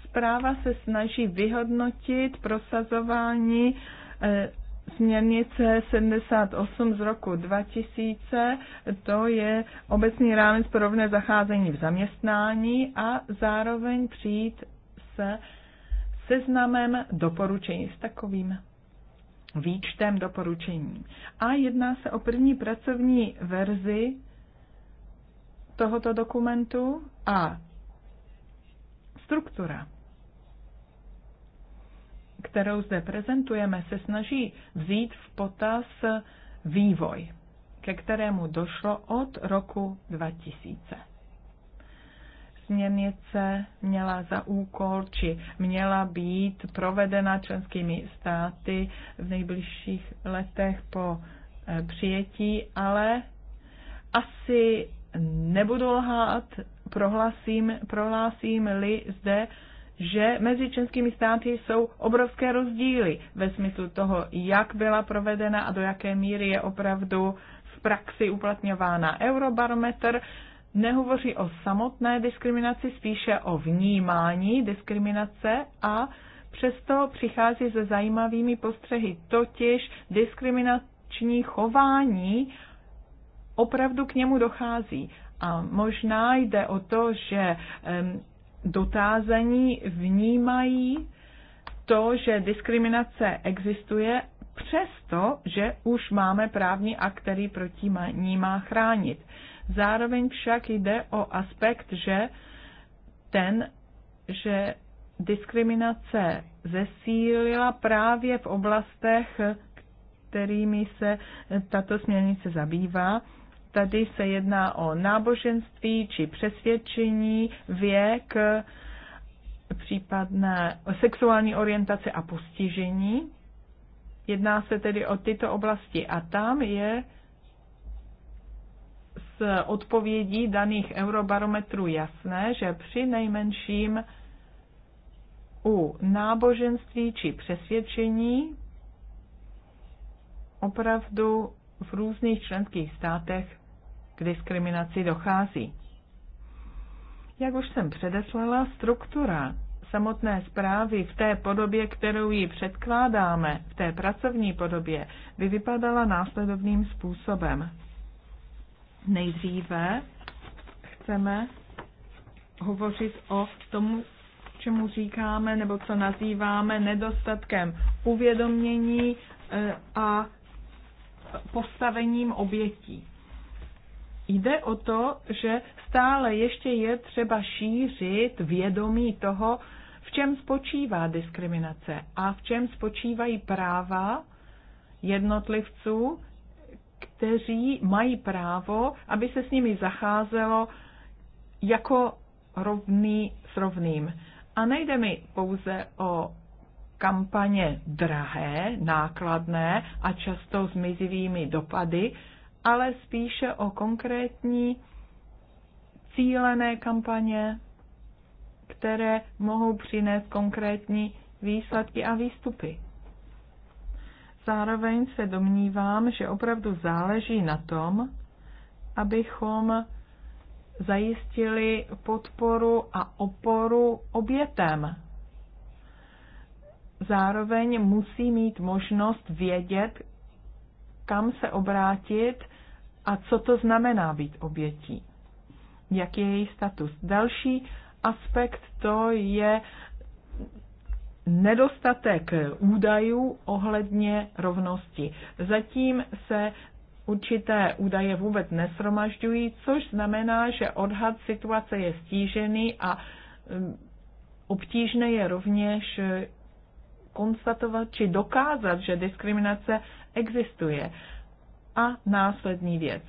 Speaker 3: Zpráva se snaží vyhodnotit prosazování eh, směrnice 78 z roku 2000, to je obecný rámec pro rovné zacházení v zaměstnání a zároveň přijít se seznamem doporučení s takovým výčtem doporučení. A jedná se o první pracovní verzi tohoto dokumentu a struktura, kterou zde prezentujeme, se snaží vzít v potaz vývoj, ke kterému došlo od roku 2000 směrnice měla za úkol, či měla být provedena členskými státy v nejbližších letech po eh, přijetí, ale asi nebudu lhát, prohlásím, prohlásím-li zde, že mezi českými státy jsou obrovské rozdíly ve smyslu toho, jak byla provedena a do jaké míry je opravdu v praxi uplatňována. Eurobarometr nehovoří o samotné diskriminaci, spíše o vnímání diskriminace a přesto přichází se zajímavými postřehy, totiž diskriminační chování opravdu k němu dochází. A možná jde o to, že dotázení vnímají to, že diskriminace existuje, přesto, že už máme právní akt, který proti ní má chránit. Zároveň však jde o aspekt, že ten, že diskriminace zesílila právě v oblastech, kterými se tato směrnice zabývá. Tady se jedná o náboženství či přesvědčení, věk, případné sexuální orientace a postižení. Jedná se tedy o tyto oblasti a tam je z odpovědí daných eurobarometrů jasné, že při nejmenším u náboženství či přesvědčení opravdu v různých členských státech k diskriminaci dochází. Jak už jsem předeslala, struktura samotné zprávy v té podobě, kterou ji předkládáme, v té pracovní podobě, by vypadala následovným způsobem. Nejdříve chceme hovořit o tomu, čemu říkáme nebo co nazýváme nedostatkem uvědomění eh, a postavením obětí. Jde o to, že stále ještě je třeba šířit vědomí toho, v čem spočívá diskriminace a v čem spočívají práva jednotlivců kteří mají právo, aby se s nimi zacházelo jako rovný s rovným. A nejde mi pouze o kampaně drahé, nákladné a často zmizivými dopady, ale spíše o konkrétní cílené kampaně, které mohou přinést konkrétní výsledky a výstupy. Zároveň se domnívám, že opravdu záleží na tom, abychom zajistili podporu a oporu obětem. Zároveň musí mít možnost vědět, kam se obrátit a co to znamená být obětí. Jaký je její status. Další aspekt to je nedostatek údajů ohledně rovnosti. Zatím se určité údaje vůbec nesromažďují, což znamená, že odhad situace je stížený a um, obtížné je rovněž uh, konstatovat či dokázat, že diskriminace existuje. A následní věc.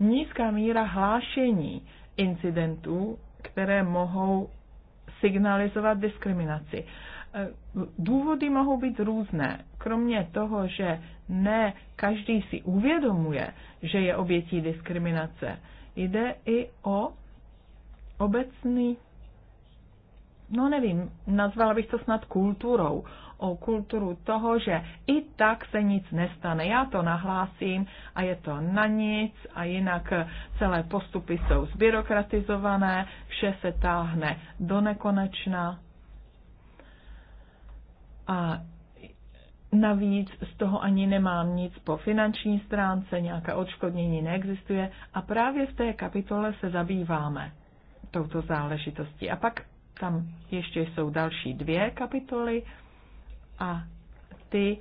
Speaker 3: Nízká míra hlášení incidentů, které mohou signalizovat diskriminaci důvody mohou být různé. Kromě toho, že ne každý si uvědomuje, že je obětí diskriminace, jde i o obecný, no nevím, nazvala bych to snad kulturou, o kulturu toho, že i tak se nic nestane. Já to nahlásím a je to na nic a jinak celé postupy jsou zbyrokratizované, vše se táhne do nekonečna a navíc z toho ani nemám nic po finanční stránce, nějaké odškodnění neexistuje a právě v té kapitole se zabýváme touto záležitostí. A pak tam ještě jsou další dvě kapitoly a ty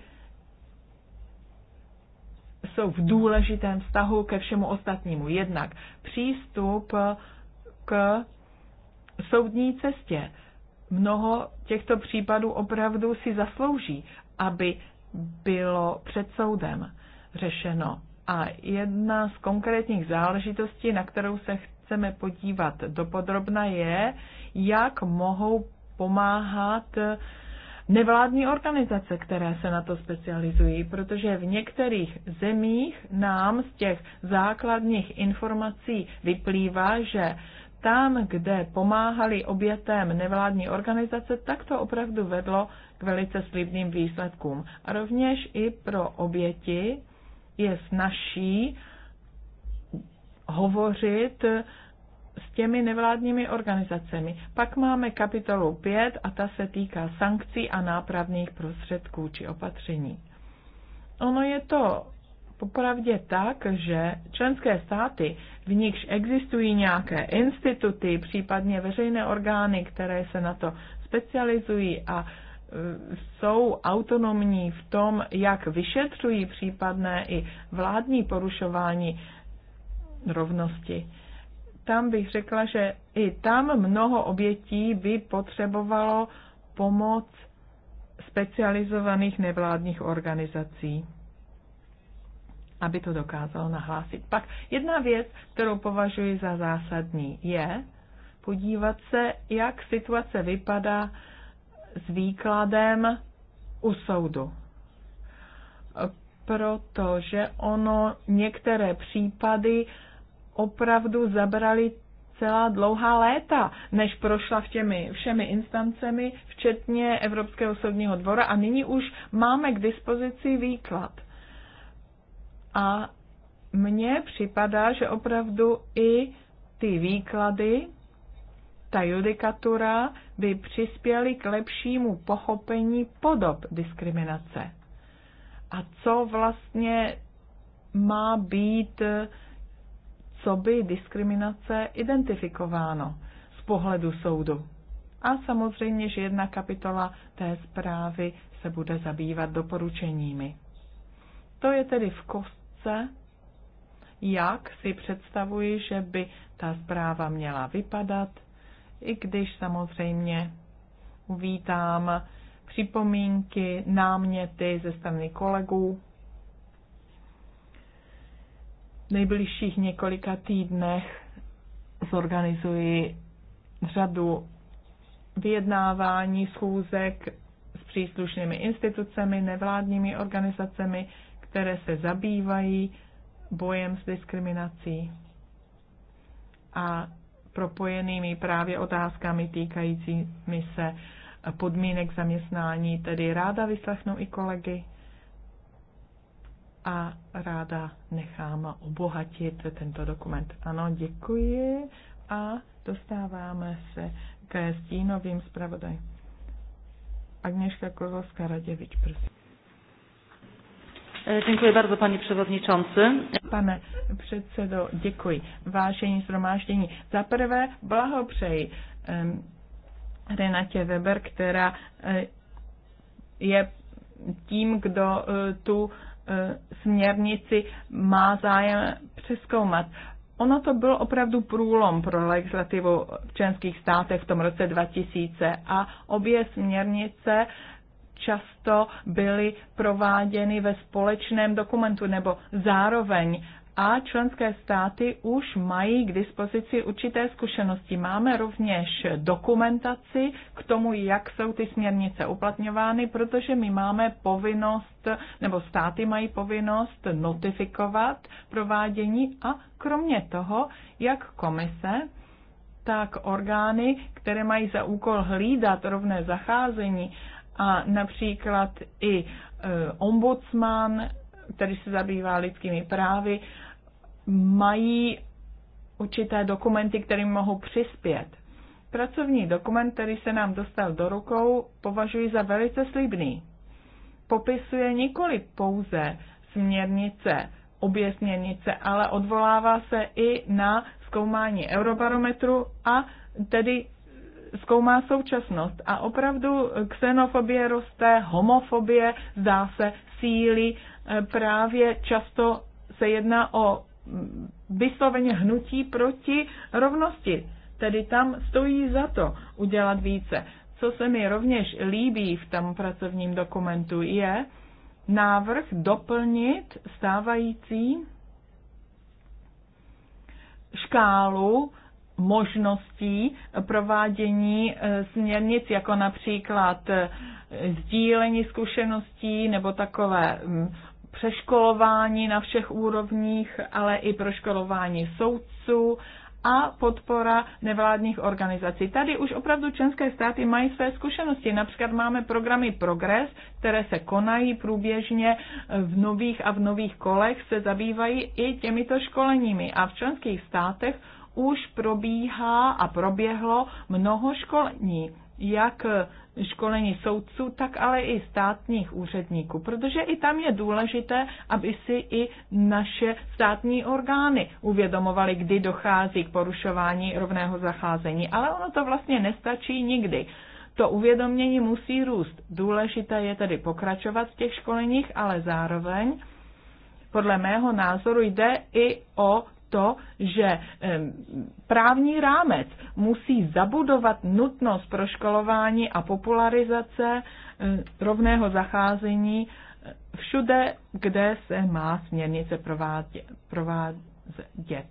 Speaker 3: jsou v důležitém vztahu ke všemu ostatnímu. Jednak přístup k soudní cestě mnoho těchto případů opravdu si zaslouží, aby bylo před soudem řešeno. A jedna z konkrétních záležitostí, na kterou se chceme podívat dopodrobna, je, jak mohou pomáhat nevládní organizace, které se na to specializují, protože v některých zemích nám z těch základních informací vyplývá, že tam, kde pomáhali obětem nevládní organizace, tak to opravdu vedlo k velice slibným výsledkům. A rovněž i pro oběti je snažší hovořit s těmi nevládními organizacemi. Pak máme kapitolu 5 a ta se týká sankcí a nápravných prostředků či opatření. Ono je to popravdě tak, že členské státy, v nichž existují nějaké instituty, případně veřejné orgány, které se na to specializují a e, jsou autonomní v tom, jak vyšetřují případné i vládní porušování rovnosti. Tam bych řekla, že i tam mnoho obětí by potřebovalo pomoc specializovaných nevládních organizací aby to dokázalo nahlásit. Pak jedna věc, kterou považuji za zásadní, je podívat se, jak situace vypadá s výkladem u soudu. Protože ono některé případy opravdu zabrali celá dlouhá léta, než prošla v těmi všemi instancemi, včetně Evropského soudního dvora a nyní už máme k dispozici výklad. A mně připadá, že opravdu i ty výklady, ta judikatura by přispěly k lepšímu pochopení podob diskriminace. A co vlastně má být, co by diskriminace identifikováno z pohledu soudu. A samozřejmě, že jedna kapitola té zprávy se bude zabývat doporučeními. To je tedy v kost otázce, jak si představuji, že by ta zpráva měla vypadat, i když samozřejmě uvítám připomínky, náměty ze strany kolegů. V nejbližších několika týdnech zorganizuji řadu vyjednávání, schůzek s příslušnými institucemi, nevládními organizacemi, které se zabývají bojem s diskriminací a propojenými právě otázkami týkajícími se podmínek zaměstnání. Tedy ráda vyslechnu i kolegy a ráda nechám obohatit tento dokument. Ano, děkuji a dostáváme se ke stínovým zpravodajům. Agněška Kozlovská Raděvič, prosím. E, děkuji bardzo, panie przewodniczący. Pane przedsedo, děkuji. Vážení zhromáždění. Za prvé um, Renacie Weber, která e, je tím, kdo e, tu směrnici má zájem přeskoumat. Ono to byl opravdu průlom pro legislativu v členských státech v tom roce 2000 a obě směrnice často byly prováděny ve společném dokumentu nebo zároveň a členské státy už mají k dispozici určité zkušenosti. Máme rovněž dokumentaci k tomu, jak jsou ty směrnice uplatňovány, protože my máme povinnost, nebo státy mají povinnost notifikovat provádění a kromě toho, jak komise, tak orgány, které mají za úkol hlídat rovné zacházení a například i e, ombudsman, který se zabývá lidskými právy, mají určité dokumenty, kterým mohou přispět. Pracovní dokument, který se nám dostal do rukou, považuji za velice slibný. Popisuje nikoli pouze směrnice, obě směrnice, ale odvolává se i na zkoumání eurobarometru a tedy zkoumá současnost a opravdu xenofobie roste, homofobie zdá se sílí, e, právě často se jedná o vysloveně hnutí proti rovnosti. Tedy tam stojí za to udělat více. Co se mi rovněž líbí v tom pracovním dokumentu je návrh doplnit stávající škálu možností provádění eh, směrnic, jako například eh, sdílení zkušeností nebo takové mm, přeškolování na všech úrovních, ale i proškolování soudců a podpora nevládních organizací. Tady už opravdu členské státy mají své zkušenosti. Například máme programy Progress, které se konají průběžně v nových a v nových kolech, se zabývají i těmito školeními. A v členských státech už probíhá a proběhlo mnoho školení, jak školení soudců, tak ale i státních úředníků, protože i tam je důležité, aby si i naše státní orgány uvědomovaly, kdy dochází k porušování rovného zacházení. Ale ono to vlastně nestačí nikdy. To uvědomění musí růst. Důležité je tedy pokračovat v těch školeních, ale zároveň podle mého názoru jde i o to, že právní rámec musí zabudovat nutnost proškolování a popularizace rovného zacházení všude, kde se má směrnice provádět.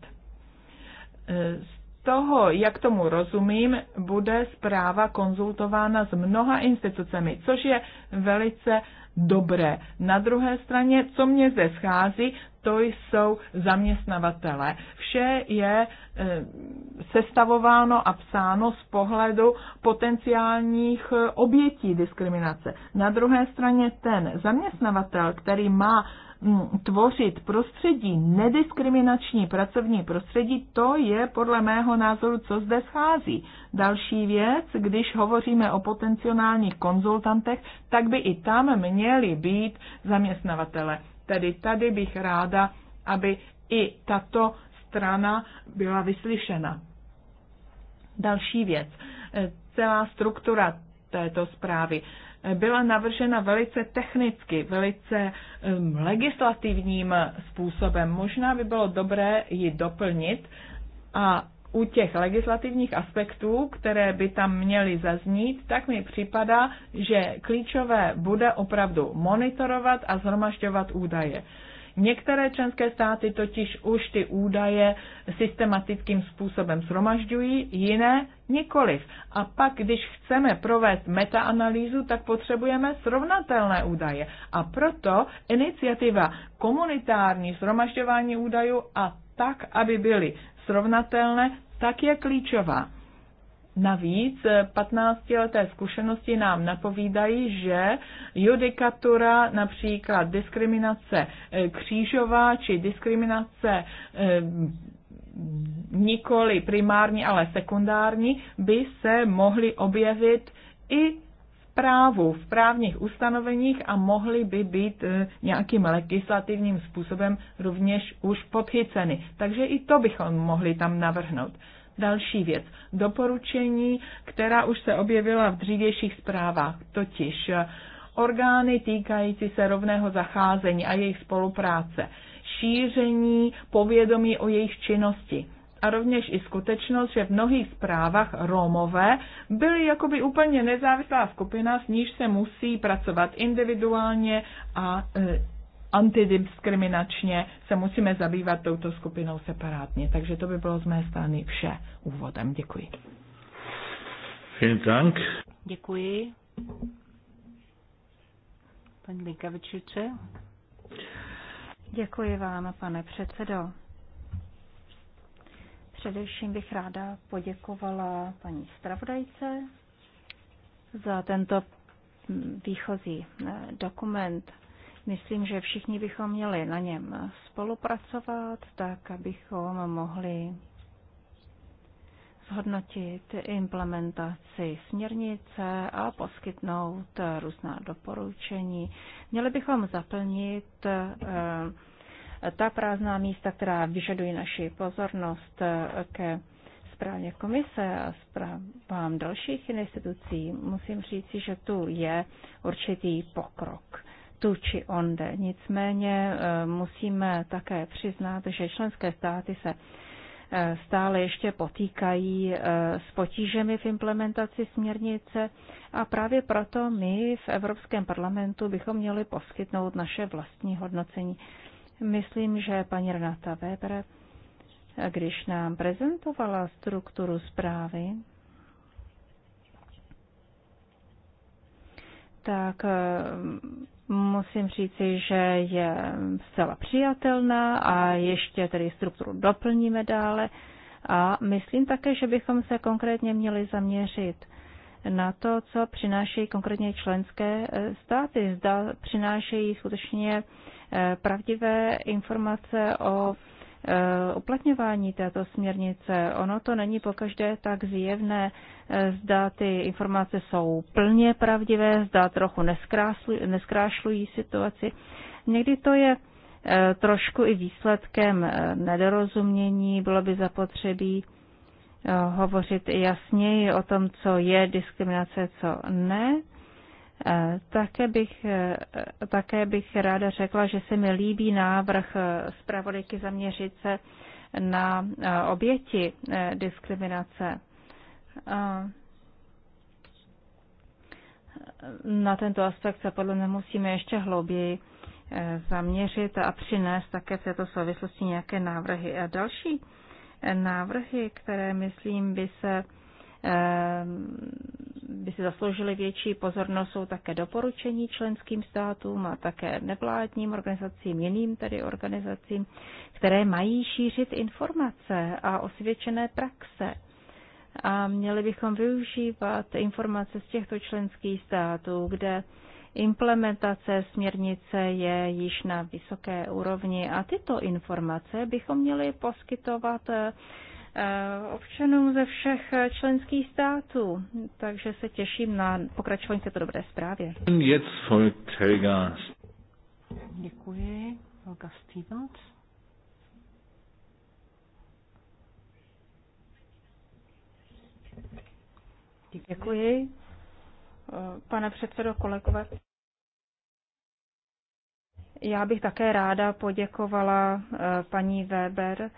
Speaker 3: Z toho, jak tomu rozumím, bude zpráva konzultována s mnoha institucemi, což je velice dobré. Na druhé straně, co mě zde schází, to jsou zaměstnavatele. Vše je e, sestavováno a psáno z pohledu potenciálních e, obětí diskriminace. Na druhé straně ten zaměstnavatel, který má Mm, tvořit prostředí, nediskriminační pracovní prostředí, to je podle mého názoru, co zde schází. Další věc, když hovoříme o potenciálních konzultantech, tak by i tam měli být zaměstnavatele. Tedy tady bych ráda, aby i tato strana byla vyslyšena. Další věc, e, celá struktura této zprávy byla navržena velice technicky, velice um, legislativním způsobem. Možná by bylo dobré ji doplnit a u těch legislativních aspektů, které by tam měly zaznít, tak mi připadá, že klíčové bude opravdu monitorovat a zhromažďovat údaje. Některé členské státy totiž už ty údaje systematickým způsobem zromažďují, jiné nikoliv. A pak, když chceme provést metaanalýzu, tak potřebujeme srovnatelné údaje. A proto iniciativa komunitární zromažďování údajů a tak, aby byly srovnatelné, tak je klíčová. Navíc 15-leté eh, zkušenosti nám napovídají, že judikatura například diskriminace eh, křížová či diskriminace eh, nikoli primární, ale sekundární, by se mohly objevit i v právu, v právních ustanoveních a mohly by být nějakým legislativním způsobem rovněž už podchyceny. Takže i to bychom mohli tam navrhnout další věc. Doporučení, která už se objevila v dřívějších zprávách, totiž eh, orgány týkající se rovného zacházení a jejich spolupráce, šíření povědomí o jejich činnosti a rovněž i skutečnost, že v mnohých zprávách Romové byly jakoby úplně nezávislá skupina, s níž se musí pracovat individuálně a eh, antidiskriminačně se musíme zabývat touto skupinou separátně. Takže to by bylo z mé strany vše úvodem. Děkuji.
Speaker 1: Vielen Dank.
Speaker 4: Děkuji. Paní Likavičiče. Děkuji vám, pane předsedo. Především bych ráda poděkovala paní zpravodajce za tento výchozí eh, dokument Myslím, že všichni bychom měli na něm spolupracovat, tak abychom mohli zhodnotit implementaci směrnice a poskytnout různá doporučení. Měli bychom zaplnit eh, ta prázdná místa, která vyžadují naši pozornost eh, ke správně komise a správám dalších institucí, musím říci, že tu je určitý pokrok tu či onde. Nicméně e, musíme také přiznat, že členské státy se e, stále ještě potýkají e, s potížemi v implementaci směrnice a právě proto my v Evropském parlamentu bychom měli poskytnout naše vlastní hodnocení. Myslím, že paní Renata Weber, když nám prezentovala strukturu zprávy, tak musím říci, že je zcela přijatelná a ještě tedy strukturu doplníme dále. A myslím také, že bychom se konkrétně měli zaměřit na to, co přinášejí konkrétně členské eh, státy. Zda přinášejí skutečně eh, pravdivé informace o Eh, uplatňování této směrnice. Ono to není pokaždé tak zjevné, eh, zda ty informace jsou plně pravdivé, zda trochu neskrášlují situaci. Někdy to je eh, trošku i výsledkem nedorozumění, bylo by zapotřebí hovořit jasněji o tom, co je diskriminace, co ne. Eh, také bych, eh, také bych ráda řekla, že se mi líbí návrh eh, zpravodajky zaměřit se na oběti diskriminace. Na tento aspekt se podle mě musíme ještě hlouběji zaměřit a přinést také v této souvislosti nějaké návrhy. A další návrhy, které myslím by se by si zasloužili větší pozornost, jsou také doporučení členským státům a také nevládním organizacím, jiným tedy organizacím, které mají šířit informace a osvědčené praxe. A měli bychom využívat informace z těchto členských států, kde implementace směrnice je již na vysoké úrovni a tyto informace bychom měli poskytovat Eh, občanům ze všech eh, členských států, takže se těším na pokračování této dobré zprávě. Děkuji. Olga Stevens. Děkuji. Eh, pane předsedo, kolegové. Já bych také ráda poděkovala paní Weber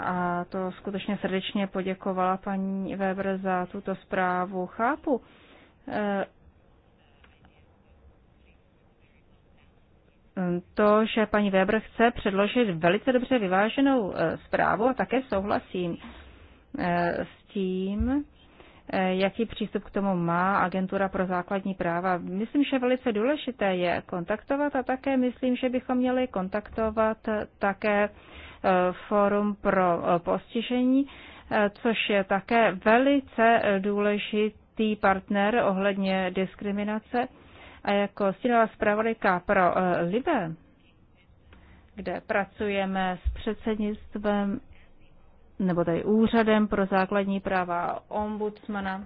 Speaker 4: a to skutečně srdečně poděkovala paní Weber za tuto zprávu. Chápu. Eh, to, že paní Weber chce předložit velice dobře vyváženou eh, zprávu a také souhlasím eh, s tím, jaký přístup k tomu má agentura pro základní práva. Myslím, že velice důležité je kontaktovat a také myslím, že bychom měli kontaktovat také Fórum pro eh, postižení, eh, což je také velice eh, důležitý partner ohledně diskriminace. A jako stínová zpravodajka pro Libe, kde pracujeme s předsednictvem nebo tady úřadem pro základní práva ombudsmana,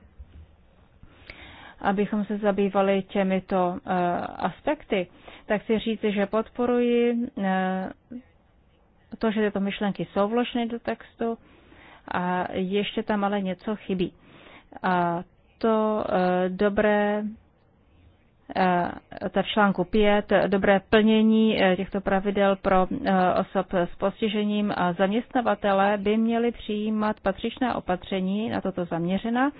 Speaker 4: abychom se zabývali těmito aspekty, tak si říci, že podporuji to, že tyto myšlenky jsou vložené do textu a ještě tam ale něco chybí. A to eh, dobré eh, ta v článku 5, dobré plnění eh, těchto pravidel pro osob s postižením a zaměstnavatele by měli přijímat patřičné opatření na toto zaměřena,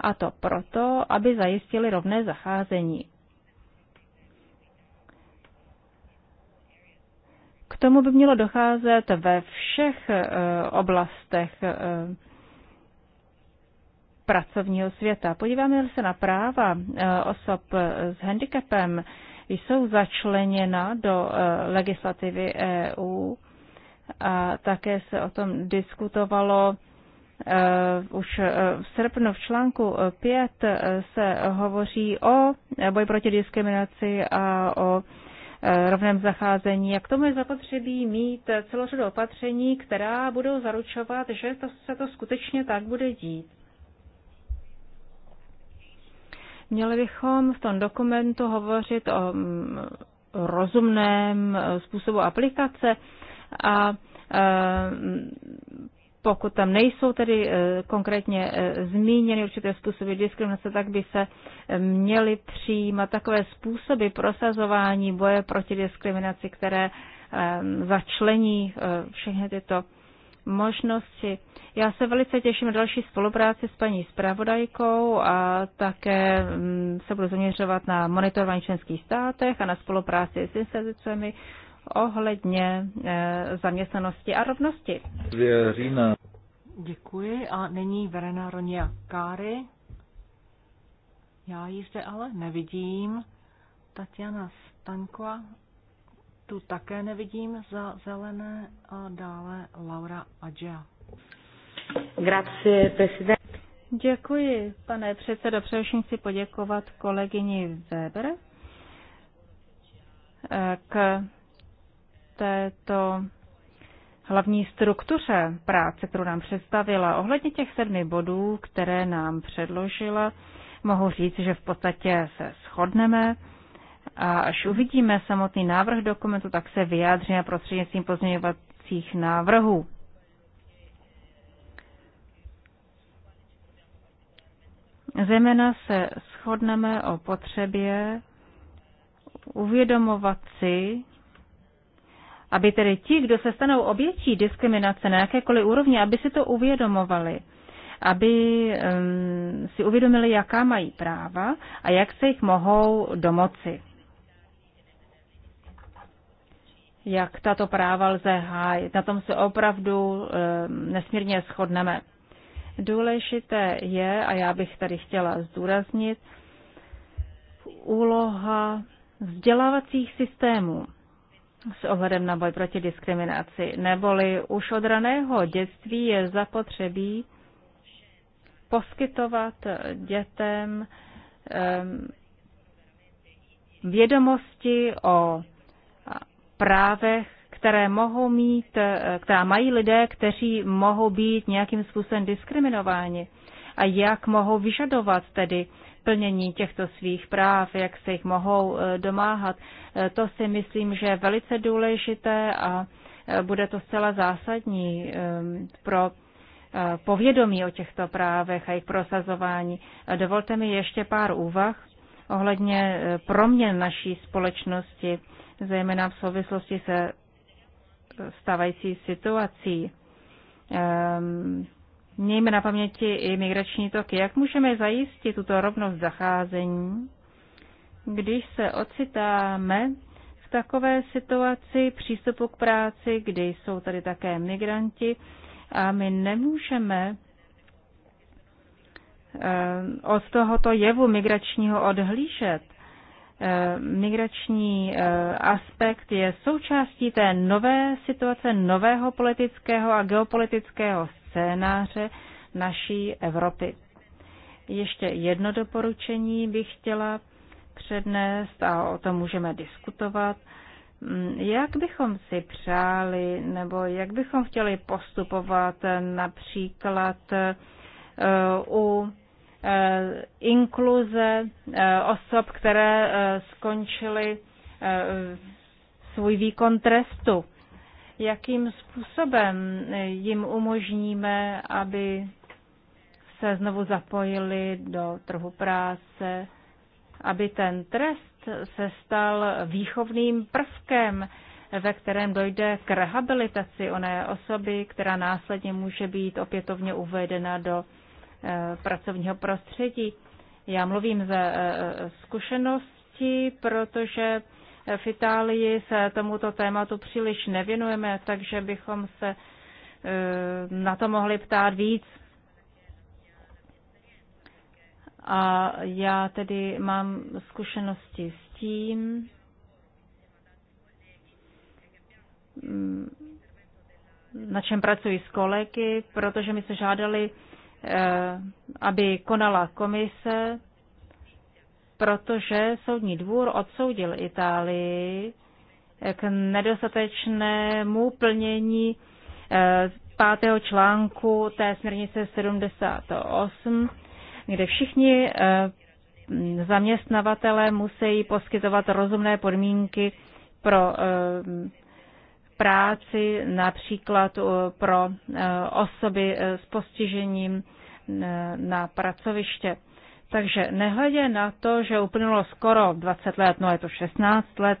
Speaker 4: a to proto, aby zajistili rovné zacházení. K tomu by mělo docházet ve všech eh, oblastech eh, pracovního světa. Podíváme se na práva eh, osob s handicapem, jsou začleněna do legislativy EU a také se o tom diskutovalo Uh, už v srpnu v článku 5 se hovoří o boji proti diskriminaci a o Eh, rovném zacházení. Jak tomu je zapotřebí mít celou řadu opatření, která budou zaručovat, že to, se to skutečně tak bude dít. Měli bychom v tom dokumentu hovořit o mm, rozumném eh, způsobu aplikace a eh, pokud tam nejsou tedy eh, konkrétně eh, zmíněny určité způsoby diskriminace, tak by se eh, měly přijímat takové způsoby prosazování boje proti diskriminaci, které začlení všechny tyto možnosti. Já se velice těším na další spolupráci s paní zpravodajkou a také mm, se budu zaměřovat na monitorování členských státech a na spolupráci s institucemi ohledně eh, zaměstnanosti a rovnosti.
Speaker 1: Věřína.
Speaker 4: Děkuji a nyní Verena Ronia Káry.
Speaker 2: Já ji zde ale nevidím. Tatiana Stankova tu také nevidím za zelené a dále Laura
Speaker 4: Adja. Grazie, president. Děkuji, pane předsedo. Především chci poděkovat kolegyni Weber eh, k této hlavní struktuře práce, kterou nám představila. Ohledně těch sedmi bodů, které nám předložila, mohu říct, že v podstatě se shodneme. A až uvidíme samotný návrh dokumentu, tak se vyjádříme prostřednictvím pozměňovacích návrhů. Zejména se shodneme o potřebě uvědomovat si, aby tedy ti, kdo se stanou obětí diskriminace na jakékoliv úrovni, aby si to uvědomovali, aby um, si uvědomili, jaká mají práva a jak se jich mohou domoci. Jak tato práva lze hájit. Na tom se opravdu um, nesmírně shodneme. Důležité je, a já bych tady chtěla zdůraznit, úloha vzdělávacích systémů s ohledem na boj proti diskriminaci, neboli už od raného dětství je zapotřebí poskytovat dětem vědomosti o právech, které mohou mít, která mají lidé, kteří mohou být nějakým způsobem diskriminováni a jak mohou vyžadovat tedy plnění těchto svých práv, jak se jich mohou eh, domáhat. Eh, to si myslím, že je velice důležité a eh, bude to zcela zásadní ehm, pro povědomí o těchto právech a jejich prosazování. Dovolte mi ještě pár úvah ohledně proměn naší společnosti, zejména v souvislosti se stávající situací. Ehm, Mějme na paměti i migrační toky. Jak můžeme zajistit tuto rovnost zacházení, když se ocitáme v takové situaci přístupu k práci, kdy jsou tady také migranti a my nemůžeme eh, od tohoto jevu migračního odhlížet. Eh, migrační eh, aspekt je součástí té nové situace, nového politického a geopolitického scénáře naší Evropy. Ještě jedno doporučení bych chtěla přednést a o tom můžeme diskutovat. Mm, jak bychom si přáli nebo jak bychom chtěli postupovat například eh, u eh, inkluze eh, osob, které skončily svůj výkon trestu jakým způsobem jim umožníme, aby se znovu zapojili do trhu práce, aby ten trest se stal výchovným prvkem, ve kterém dojde k rehabilitaci oné osoby, která následně může být opětovně uvedena do e, pracovního prostředí. Já mluvím ze e, e, zkušenosti, protože v Itálii se tomuto tématu příliš nevěnujeme, takže bychom se e, na to mohli ptát víc. A já tedy mám zkušenosti s tím, mm, na čem pracuji s kolegy, protože mi se žádali, e, aby konala komise protože Soudní dvůr odsoudil Itálii k nedostatečnému plnění eh, pátého článku té směrnice 78, kde všichni eh, zaměstnavatele musí poskytovat rozumné podmínky pro eh, práci, například pro osoby s postižením na pracoviště. Takže nehledě na to, že uplynulo skoro 20 let, no je to 16 let,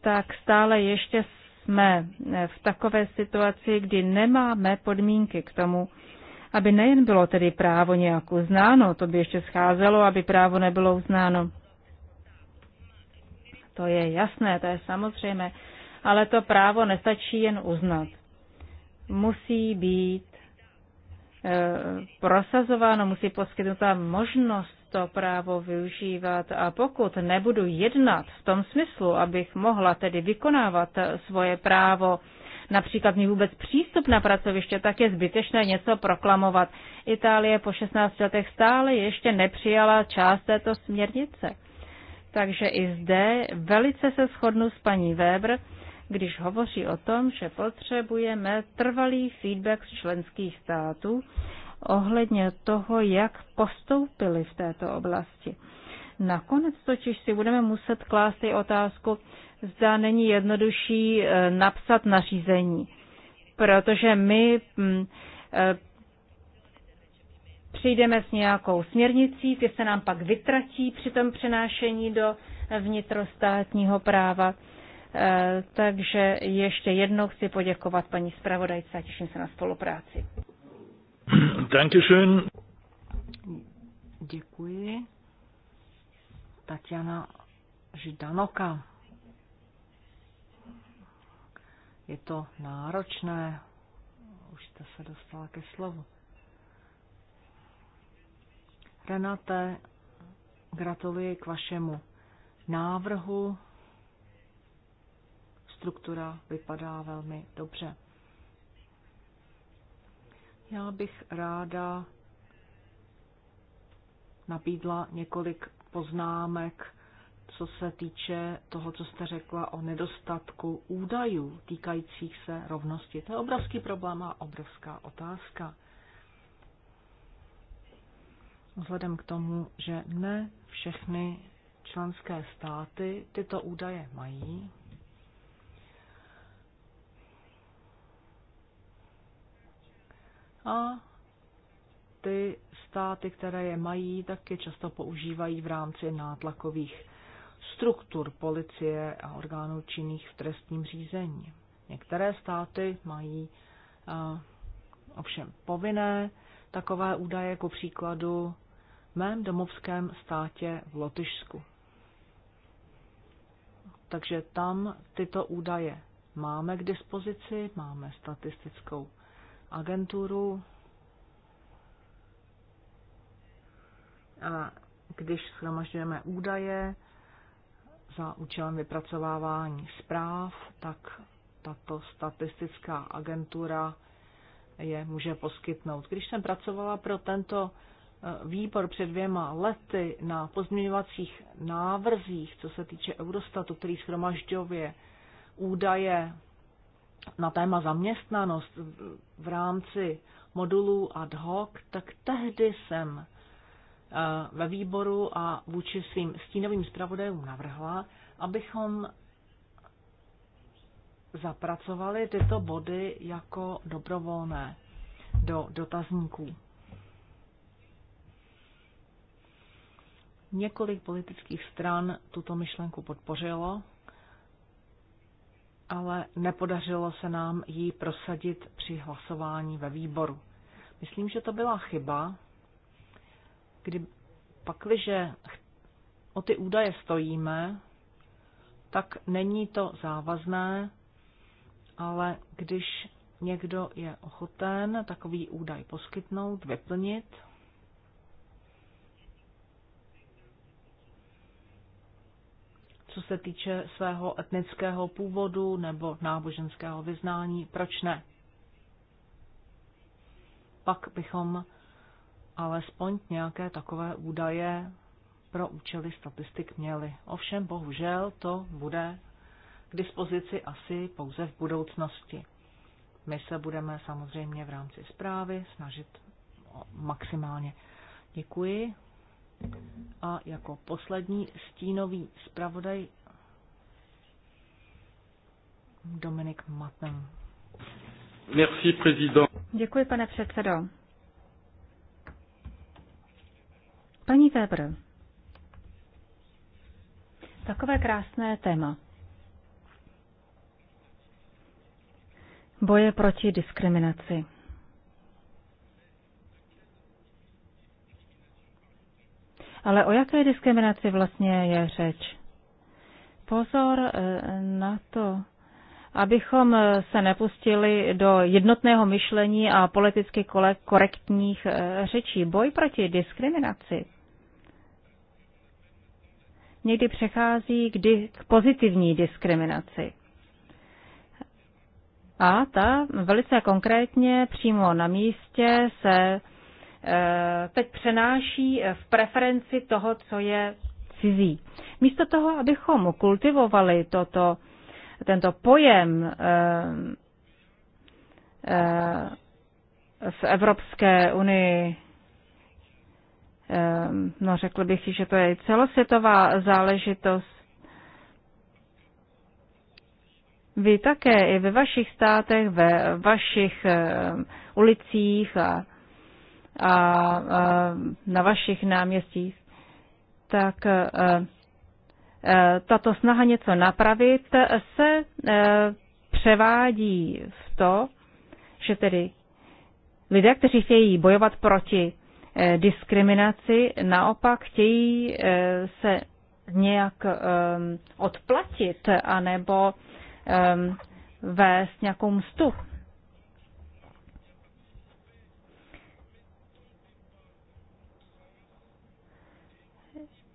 Speaker 4: tak stále ještě jsme v takové situaci, kdy nemáme podmínky k tomu, aby nejen bylo tedy právo nějak uznáno, to by ještě scházelo, aby právo nebylo uznáno. To je jasné, to je samozřejmé, ale to právo nestačí jen uznat. Musí být Eh, prosazováno, musí poskytnutá možnost to právo využívat a pokud nebudu jednat v tom smyslu, abych mohla tedy vykonávat eh, svoje právo, například mi vůbec přístup na pracoviště, tak je zbytečné něco proklamovat. Itálie po 16 letech stále ještě nepřijala část této směrnice. Takže i zde velice se shodnu s paní Weber, když hovoří o tom, že potřebujeme trvalý feedback z členských států ohledně toho, jak postoupili v této oblasti. Nakonec totiž si budeme muset klást i otázku, zda není jednodušší eh, napsat nařízení, protože my mm, eh, přijdeme s nějakou směrnicí, ty se nám pak vytratí při tom přenášení do vnitrostátního práva. Eh, takže ještě jednou chci poděkovat paní zpravodajce a těším se na spolupráci.
Speaker 1: Dankeschön.
Speaker 2: Děkuji. Tatiana Židanoka. Je to náročné. Už jste se dostala ke slovu. Renate, gratuluji k vašemu návrhu struktura vypadá velmi dobře. Já bych ráda nabídla několik poznámek, co se týče toho, co jste řekla o nedostatku údajů týkajících se rovnosti. To je obrovský problém a obrovská otázka. Vzhledem k tomu, že ne všechny členské státy tyto údaje mají, a ty státy, které je mají, taky často používají v rámci nátlakových struktur policie a orgánů činných v trestním řízení. Některé státy mají a, ovšem povinné takové údaje, jako příkladu v mém domovském státě v Lotyšsku. Takže tam tyto údaje máme k dispozici, máme statistickou agenturu a když shromažďujeme údaje za účelem vypracovávání zpráv, tak tato statistická agentura je může poskytnout. Když jsem pracovala pro tento eh, výbor před dvěma lety na pozměňovacích návrzích, co se týče Eurostatu, který schromažďově údaje na téma zaměstnanost v rámci modulů ad hoc, tak tehdy jsem eh, ve výboru a vůči svým stínovým zpravodajům navrhla, abychom zapracovali tyto body jako dobrovolné do dotazníků. Několik politických stran tuto myšlenku podpořilo ale nepodařilo se nám ji prosadit při hlasování ve výboru. Myslím, že to byla chyba, kdy pakliže o ty údaje stojíme, tak není to závazné, ale když někdo je ochoten takový údaj poskytnout, vyplnit, co se týče svého etnického původu nebo náboženského vyznání, proč ne? Pak bychom alespoň nějaké takové údaje pro účely statistik měli. Ovšem, bohužel, to bude k dispozici asi pouze v budoucnosti. My se budeme samozřejmě v rámci zprávy snažit maximálně. Děkuji. A jako poslední stínový zpravodaj Dominik Matem.
Speaker 1: Merci, prezident.
Speaker 4: Děkuji, pane předsedo. Paní Weber, takové krásné téma. Boje proti diskriminaci. Ale o jaké diskriminaci vlastně je řeč? Pozor eh, na to, abychom eh, se nepustili do jednotného myšlení a politicky korektních eh, řečí. Boj proti diskriminaci někdy přechází kdy k pozitivní diskriminaci. A ta velice konkrétně přímo na místě se Eh, teď přenáší eh, v preferenci toho, co je cizí. Místo toho, abychom kultivovali toto, tento pojem eh, v Evropské unii, no řekl bych si, že to je celosvětová záležitost. Vy také i ve vašich státech, ve vašich ulicích a a na vašich náměstích, tak e, e, tato snaha něco napravit se e, převádí v to, že tedy lidé, kteří chtějí bojovat proti diskriminaci, naopak chtějí se nějak odplatit anebo vést nějakou mstu.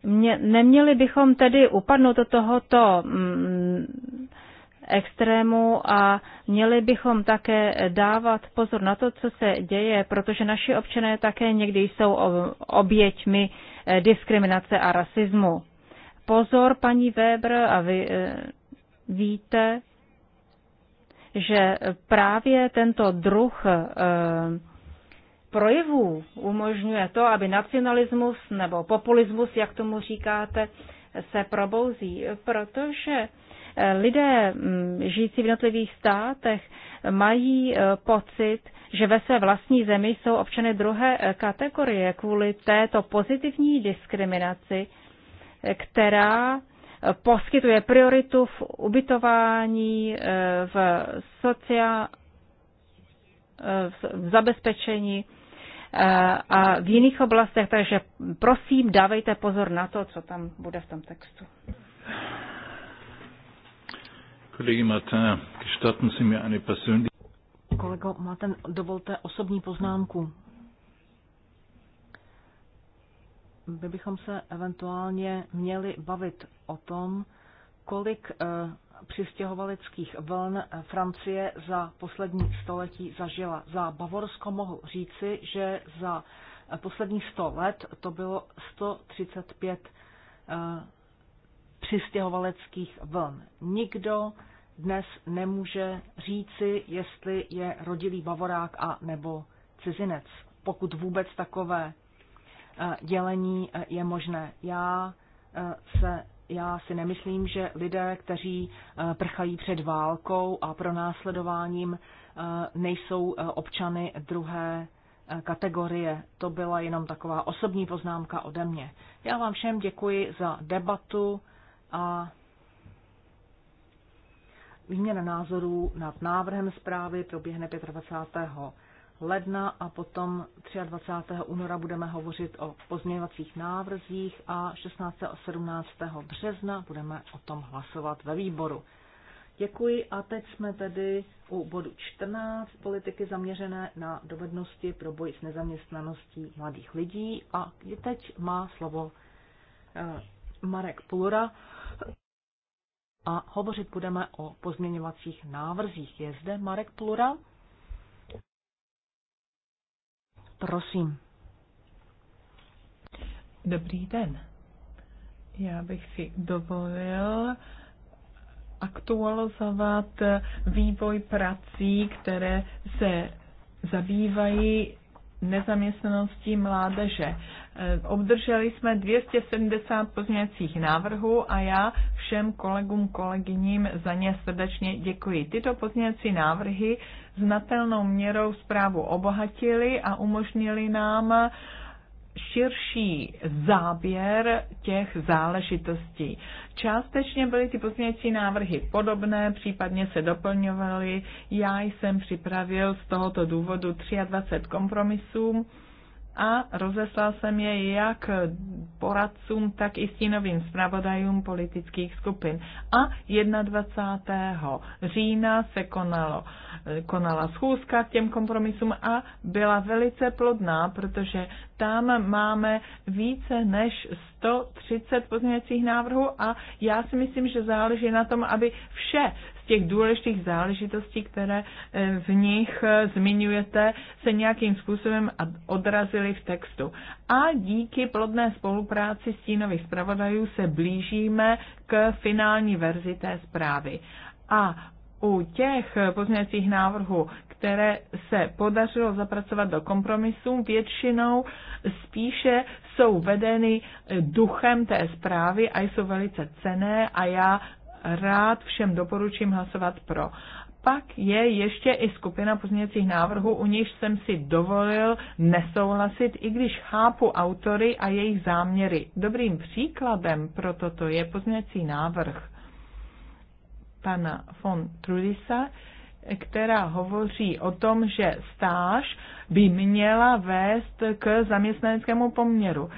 Speaker 4: Mě, neměli bychom tedy upadnout do tohoto mm, extrému a měli bychom také dávat pozor na to, co se děje, protože naši občané také někdy jsou oběťmi eh, diskriminace a rasismu. Pozor, paní Weber, a vy eh, víte, že právě tento druh eh, projevů umožňuje to, aby nacionalismus nebo populismus, jak tomu říkáte, se probouzí, protože eh, lidé mm, žijící v jednotlivých státech mají eh, pocit, že ve své vlastní zemi jsou občany druhé eh, kategorie kvůli této pozitivní diskriminaci, která poskytuje prioritu v ubytování, v, socia, v zabezpečení Eh, a v jiných oblastech, takže prosím, dávejte pozor na to, co tam bude v tom textu. Kolego máte, dovolte
Speaker 2: osobní poznámku. My bychom se eventuálně měli bavit o tom, kolik eh, přistěhovaleckých vln eh, Francie za poslední století zažila. Za Bavorsko mohu říci, že za eh, poslední 100 let to bylo 135 eh, přistěhovaleckých vln. Nikdo dnes nemůže říci, jestli je rodilý Bavorák a nebo cizinec, pokud vůbec takové dělení je možné. Já se já si nemyslím, že lidé, kteří eh, prchají před válkou a pronásledováním, eh, nejsou eh, občany druhé kategorie. To byla jenom taková osobní poznámka ode mě. Já vám všem děkuji za debatu a výměna názorů nad návrhem zprávy proběhne 25 ledna a potom 23. února budeme hovořit o pozměňovacích návrzích a 16. a 17. března budeme o tom hlasovat ve výboru. Děkuji a teď jsme tedy u bodu 14 politiky zaměřené na dovednosti pro boj s nezaměstnaností mladých lidí a teď má slovo eh, Marek Plura a hovořit budeme o pozměňovacích návrzích. Je zde Marek Plura? Prosím. Dobrý
Speaker 3: den. Já bych si dovolil aktualizovat vývoj prací, které se zabývají nezaměstnaností mládeže. Eh, obdrželi jsme 270 pozměňovacích návrhů a já všem kolegům, kolegyním za ně srdečně děkuji. Tyto pozměňovací návrhy znatelnou měrou zprávu obohatily a umožnili nám širší záběr těch záležitostí. Částečně byly ty pozměňovací návrhy podobné, případně se doplňovaly. Já jsem připravil z tohoto důvodu 23 kompromisů a rozeslal jsem je jak poradcům, tak i stínovým zpravodajům politických skupin. A 21. října se konalo, konala schůzka k těm kompromisům a byla velice plodná, protože tam máme více než 130 pozměňovacích návrhů a já si myslím, že záleží na tom, aby vše z těch důležitých záležitostí, které eh, v nich eh, zmiňujete, se nějakým způsobem odrazily v textu. A díky plodné spolupráci stínových zpravodajů se blížíme k finální verzi té zprávy. A u těch pozměňovacích návrhů, které se podařilo zapracovat do kompromisů, většinou spíše jsou vedeny duchem té zprávy a jsou velice cené a já rád všem doporučím hlasovat pro. Pak je ještě i skupina pozměňovacích návrhů, u nichž jsem si dovolil nesouhlasit, i když chápu autory a jejich záměry. Dobrým příkladem pro toto je pozměňovací návrh pana von Trudisa, která hovoří o tom, že stáž by měla vést k zaměstnaneckému poměru.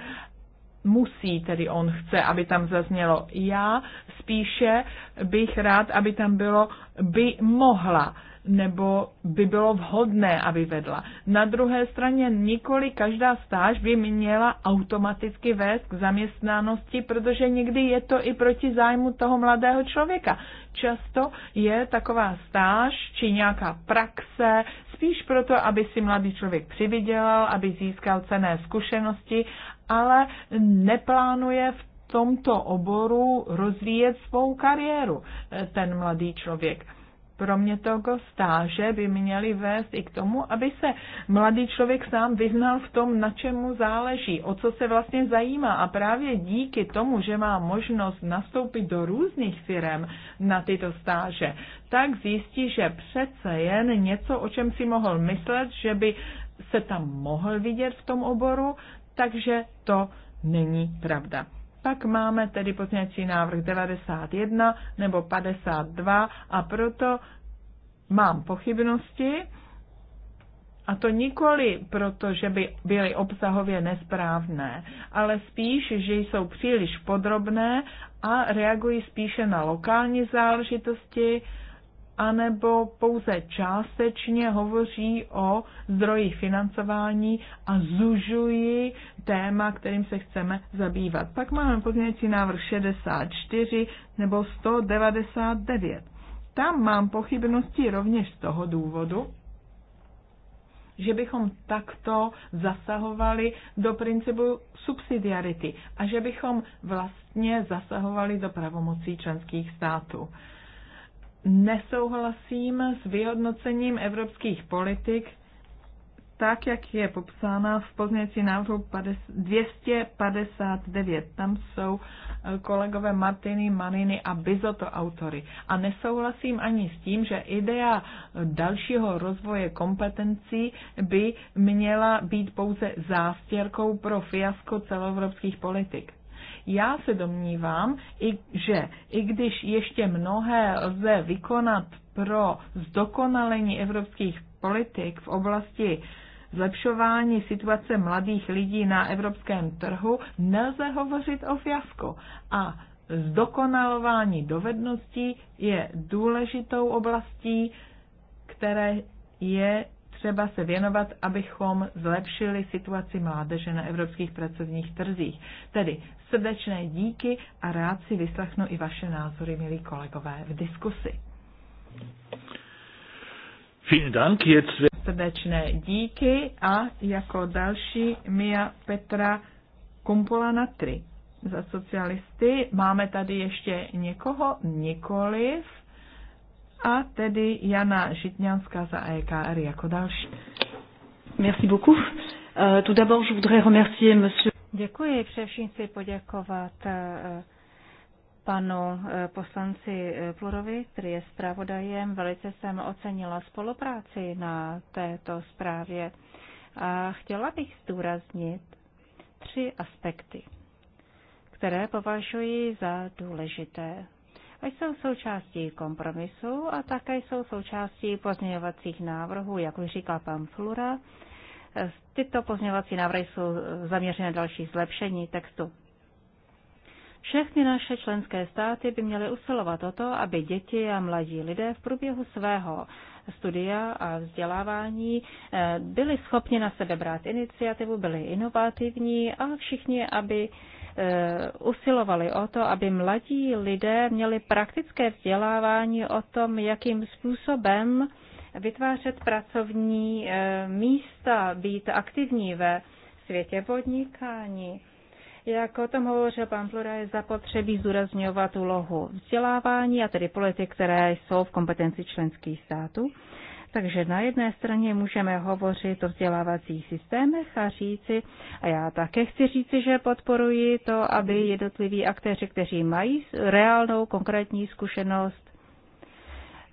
Speaker 3: Musí, tedy on chce, aby tam zaznělo já, spíše bych rád, aby tam bylo by mohla nebo by bylo vhodné, aby vedla. Na druhé straně nikoli každá stáž by měla automaticky vést k zaměstnanosti, protože někdy je to i proti zájmu toho mladého člověka. Často je taková stáž či nějaká praxe spíš proto, aby si mladý člověk přivydělal, aby získal cené zkušenosti, ale neplánuje v tomto oboru rozvíjet svou kariéru ten mladý člověk kromě toho stáže by měly vést i k tomu, aby se mladý člověk sám vyznal v tom, na čemu záleží, o co se vlastně zajímá. A právě díky tomu, že má možnost nastoupit do různých firm na tyto stáže, tak zjistí, že přece jen něco, o čem si mohl myslet, že by se tam mohl vidět v tom oboru, takže to není pravda. Pak máme tedy pozměňovací návrh 91 nebo 52 a proto mám pochybnosti. A to nikoli proto, že by byly obsahově nesprávné, ale spíš, že jsou příliš podrobné a reagují spíše na lokální záležitosti, anebo pouze částečně hovoří o zdrojích financování a zužují téma, kterým se chceme zabývat. Pak máme pozměňující návrh 64 nebo 199. Tam mám pochybnosti rovněž z toho důvodu, že bychom takto zasahovali do principu subsidiarity a že bychom vlastně zasahovali do pravomocí členských států nesouhlasím s vyhodnocením evropských politik tak, jak je popsána v pozměnici návrhu 259. Tam jsou eh, kolegové Martiny, Maniny a Bizoto autory. A nesouhlasím ani s tím, že idea dalšího rozvoje kompetencí by měla být pouze zástěrkou pro fiasko celoevropských politik. Já se domnívám, že i když ještě mnohé lze vykonat pro zdokonalení evropských politik v oblasti zlepšování situace mladých lidí na evropském trhu, nelze hovořit o fiasku. A zdokonalování dovedností je důležitou oblastí, které je třeba se věnovat, abychom zlepšili situaci mládeže na evropských pracovních trzích. Tedy srdečné díky a rád si vyslechnu i vaše názory, milí kolegové, v diskusi.
Speaker 1: Vielen Dank. Jetzt
Speaker 3: Srdečné díky a jako další Mia Petra Kumpula tri za socialisty. Máme tady ještě někoho? Nikoliv a tedy Jana Žitňanská za EKR jako další.
Speaker 4: Merci beaucoup. Uh, tout d'abord, je voudrais remercier monsieur... Děkuji, především chci poděkovat eh, panu eh, poslanci eh, Plurovi, který je zpravodajem. Velice jsem ocenila spolupráci na této zprávě a chtěla bych zdůraznit tři aspekty, které považuji za důležité a jsou součástí kompromisu a také jsou součástí pozměňovacích návrhů, jak už říkal pan Flura. Tyto pozměňovací návrhy jsou zaměřené další zlepšení textu. Všechny naše členské státy by měly usilovat o to, aby děti a mladí lidé v průběhu svého studia a vzdělávání eh, byli schopni na sebe brát iniciativu, byli inovativní a všichni, aby Eh, usilovali o to, aby mladí lidé měli praktické vzdělávání o tom, jakým způsobem vytvářet pracovní eh, místa, být aktivní ve světě podnikání. Jak o tom hovořil pan Flora, je zapotřebí zúrazňovat úlohu vzdělávání a tedy politik, které jsou v kompetenci členských států. Takže na jedné straně můžeme hovořit o vzdělávacích systémech a říci, a já také chci říci, že podporuji to, aby jednotliví aktéři, kteří mají reálnou konkrétní zkušenost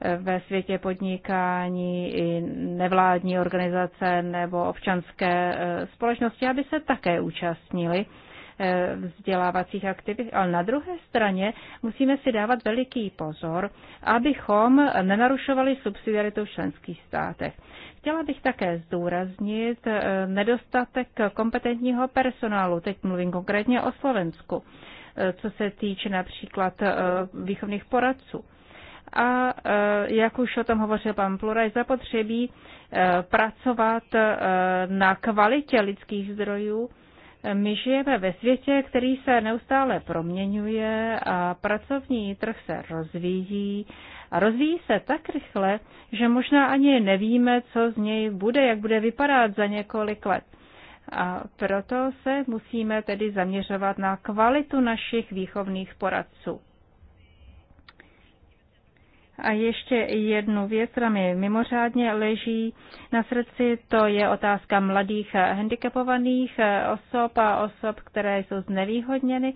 Speaker 4: eh, ve světě podnikání i nevládní organizace nebo občanské eh, společnosti, aby se také účastnili Eh, vzdělávacích aktivit, ale na druhé straně musíme si dávat veliký pozor, abychom nenarušovali subsidiaritu v členských státech. Chtěla bych také zdůraznit eh, nedostatek kompetentního personálu, teď mluvím konkrétně o Slovensku, eh, co se týče například výchovných poradců a jak už o tom hovořil pan Pluraj, zapotřebí pracovat na kvalitě lidských zdrojů my žijeme ve světě, který se neustále proměňuje a pracovní trh se rozvíjí. A rozvíjí se tak rychle, že možná ani nevíme, co z něj bude, jak bude vypadat za několik let. A proto se musíme tedy zaměřovat na kvalitu našich výchovných poradců. A ještě jednu věc, která mi mimořádně leží na srdci, to je otázka mladých handicapovaných osob a osob, které jsou znevýhodněny,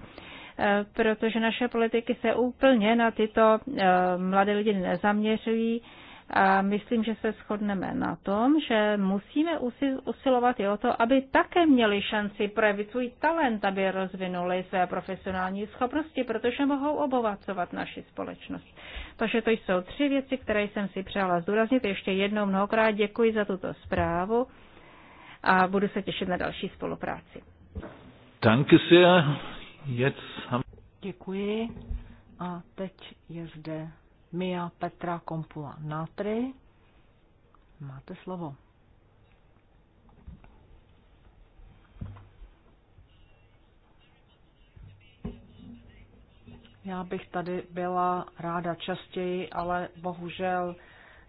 Speaker 4: eh, protože naše politiky se úplně na tyto eh, mladé lidi nezaměřují a myslím, že se shodneme na tom, že musíme usilovat i o to, aby také měli šanci projevit svůj talent, aby rozvinuli své profesionální schopnosti, protože mohou obohacovat naši společnost. Takže to jsou tři věci, které jsem si přála zdůraznit. Ještě jednou mnohokrát děkuji za tuto zprávu a budu se těšit na další spolupráci.
Speaker 1: Danke sehr. Jetzt haben...
Speaker 2: Děkuji. A teď je zde Mia Petra Kompula Natry. Máte slovo. Já bych tady byla ráda častěji, ale bohužel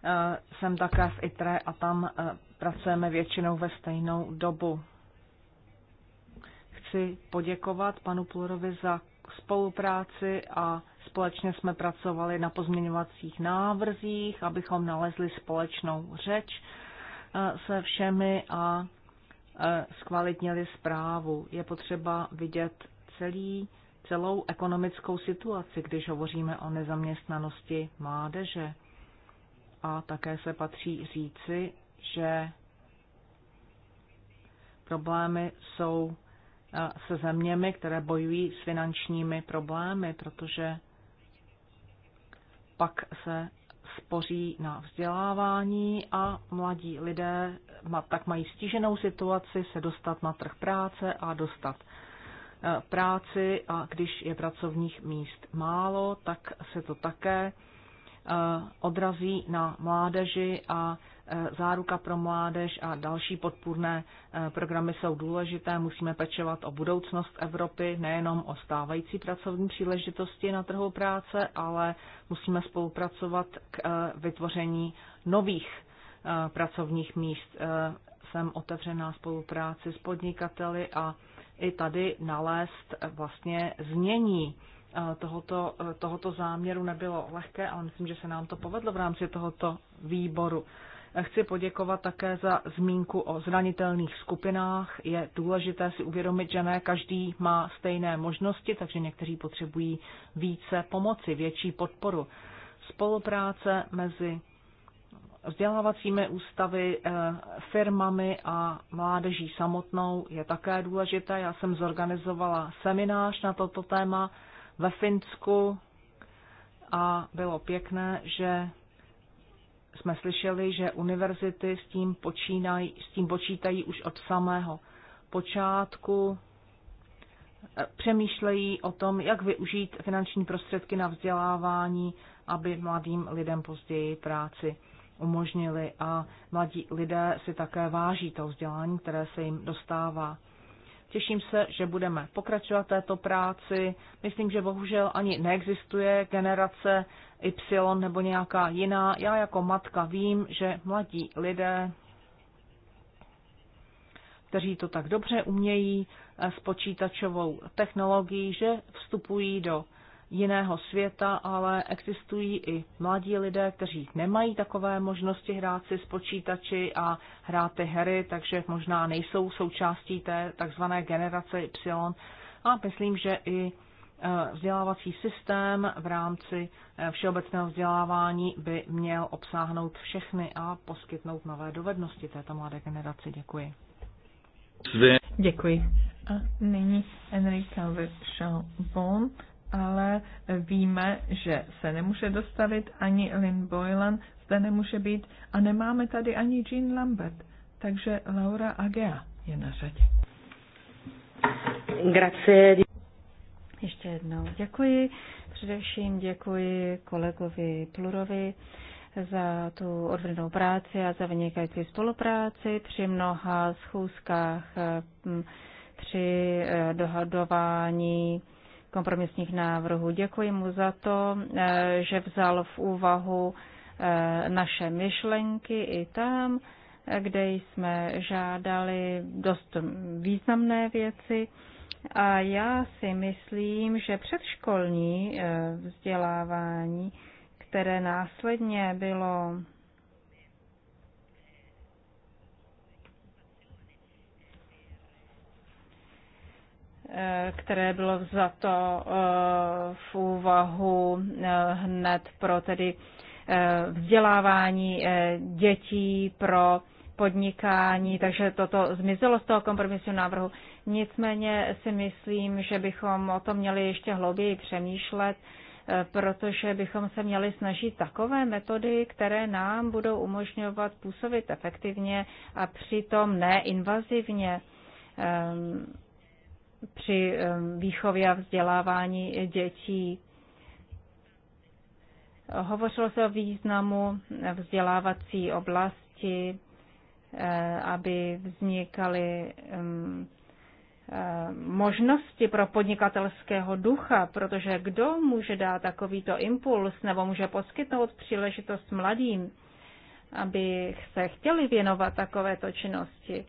Speaker 2: eh, jsem také v ITRE a tam eh, pracujeme většinou ve stejnou dobu. Chci poděkovat panu Plurovi za spolupráci a Společně jsme pracovali na pozměňovacích návrzích, abychom nalezli společnou řeč eh, se všemi a eh, zkvalitnili zprávu. Je potřeba vidět celý, celou ekonomickou situaci, když hovoříme o nezaměstnanosti mládeže. A také se patří říci, že problémy jsou eh, se zeměmi, které bojují s finančními problémy, protože pak se spoří na vzdělávání a mladí lidé tak mají stíženou situaci se dostat na trh práce a dostat eh, práci a když je pracovních míst málo, tak se to také Eh, odrazí na mládeži a eh, záruka pro mládež a další podpůrné eh, programy jsou důležité. Musíme pečovat o budoucnost Evropy, nejenom o stávající pracovní příležitosti na trhu práce, ale musíme spolupracovat k vytvoření nových pracovních míst. Jsem otevřená spolupráci s podnikateli a i tady nalézt vlastně změní Eh, tohoto, eh, tohoto záměru nebylo lehké, ale myslím, že se nám to povedlo v rámci tohoto výboru. Eh, chci poděkovat také za zmínku o zranitelných skupinách. Je důležité si uvědomit, že ne každý má stejné možnosti, takže někteří potřebují více pomoci, větší podporu. Spolupráce mezi vzdělávacími ústavy, firmami a mládeží samotnou je také důležité. Já jsem zorganizovala seminář na toto téma ve Finsku a bylo pěkné, že jsme slyšeli, že univerzity s tím, počínaj, s tím počítají už od samého počátku, e, přemýšlejí o tom, jak využít finanční prostředky na vzdělávání, aby mladým lidem později práci umožnili a mladí lidé si také váží to vzdělání, které se jim dostává. Těším se, že budeme pokračovat této práci. Myslím, že bohužel ani neexistuje generace Y nebo nějaká jiná. Já jako matka vím, že mladí lidé, kteří to tak dobře umějí s počítačovou technologií, že vstupují do jiného světa, ale existují i mladí lidé, kteří nemají takové možnosti hrát si s počítači a hrát ty hry, takže možná nejsou součástí té takzvané generace Y. A myslím, že i e, vzdělávací systém v rámci e, všeobecného vzdělávání by měl obsáhnout všechny a poskytnout nové dovednosti této mladé generaci. Děkuji. Děkuji. A nyní Enrique
Speaker 3: Bon ale víme, že se nemůže dostavit ani Lynn Boylan, zde nemůže být a nemáme tady ani Jean Lambert. Takže Laura Agea
Speaker 4: je na řadě. Grazie. Ještě jednou děkuji. Především děkuji kolegovi Plurovi za tu odvedenou práci a za vynikající spolupráci při mnoha schůzkách, mm, při eh, dohadování kompromisních návrhů. Děkuji mu za to, eh, že vzal v úvahu eh, naše myšlenky i tam, eh, kde jsme žádali dost významné věci. A já si myslím, že předškolní vzdělávání, které následně bylo které bylo vzato eh, v úvahu eh, hned pro tedy eh, vzdělávání dětí, pro podnikání, takže toto zmizelo z toho kompromisu návrhu. Nicméně si myslím, že bychom o tom měli ještě hlouběji přemýšlet, protože bychom se měli snažit takové metody, které nám budou umožňovat působit efektivně a přitom neinvazivně. Ehm, při výchově a vzdělávání dětí. Hovořilo se o významu vzdělávací oblasti, eh, aby vznikaly eh, možnosti pro podnikatelského ducha, protože kdo může dát takovýto impuls nebo může poskytnout příležitost mladým, aby se chtěli věnovat takovéto činnosti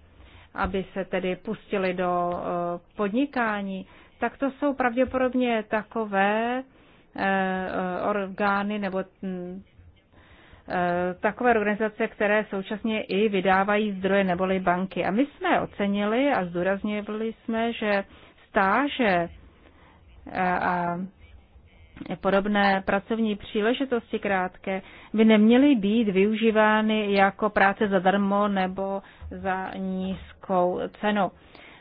Speaker 4: aby se tedy pustili do eh, podnikání, tak to jsou pravděpodobně takové eh, eh, orgány nebo hm, takové organizace, které současně i vydávají zdroje neboli banky. A my jsme ocenili a zdůraznili jsme, že stáže a podobné pracovní příležitosti krátké by neměly být využívány jako práce zadarmo nebo za nízkou vysokou cenu.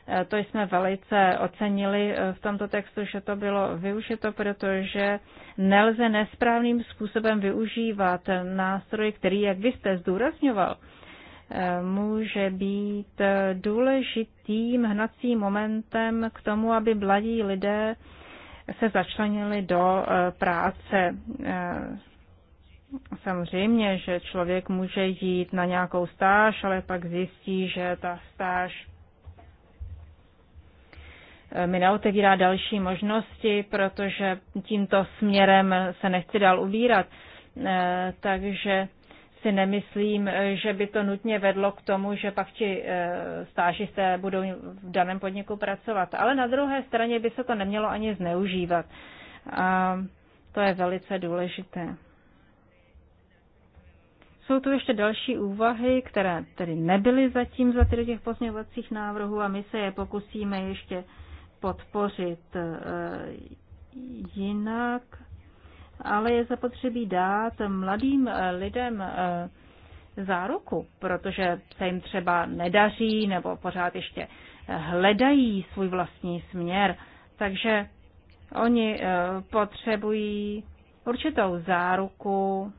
Speaker 4: E, to jsme velice ocenili e, v tomto textu, že to bylo využito, protože nelze nesprávným způsobem využívat nástroj, který, jak vy jste zdůrazňoval, e, může být důležitým hnacím momentem k tomu, aby mladí lidé se začlenili do práce Samozřejmě, že člověk může jít na nějakou stáž, ale pak zjistí, že ta stáž eh, mi neotevírá další možnosti, protože tímto směrem se nechci dál ubírat. Eh, takže si nemyslím, že by to nutně vedlo k tomu, že pak ti eh, stážisté budou v daném podniku pracovat. Ale na druhé straně by se to nemělo ani zneužívat. A to je velice důležité. Jsou tu ještě další úvahy, které tedy nebyly zatím za do těch pozměňovacích návrhů a my se je pokusíme ještě podpořit eh, jinak, ale je zapotřebí dát mladým eh, lidem eh, záruku, protože se jim třeba nedaří nebo pořád ještě hledají svůj vlastní směr. Takže oni potřebují určitou záruku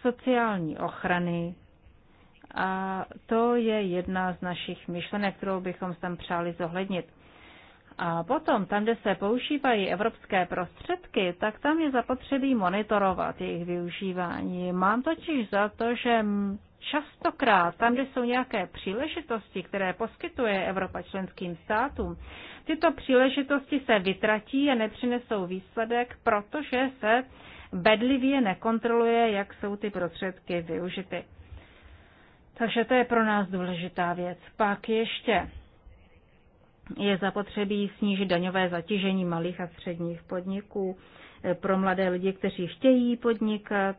Speaker 4: sociální ochrany. A to je jedna z našich myšlenek, kterou bychom tam přáli zohlednit. A potom, tam, kde se používají evropské prostředky, tak tam je zapotřebí monitorovat jejich využívání. Mám totiž za to, že častokrát tam, kde jsou nějaké příležitosti, které poskytuje Evropa členským státům, tyto příležitosti se vytratí a nepřinesou výsledek, protože se bedlivě nekontroluje, jak jsou ty prostředky využity. Takže to je pro nás důležitá věc. Pak ještě je zapotřebí snížit daňové zatížení malých a středních podniků pro mladé lidi, kteří chtějí podnikat.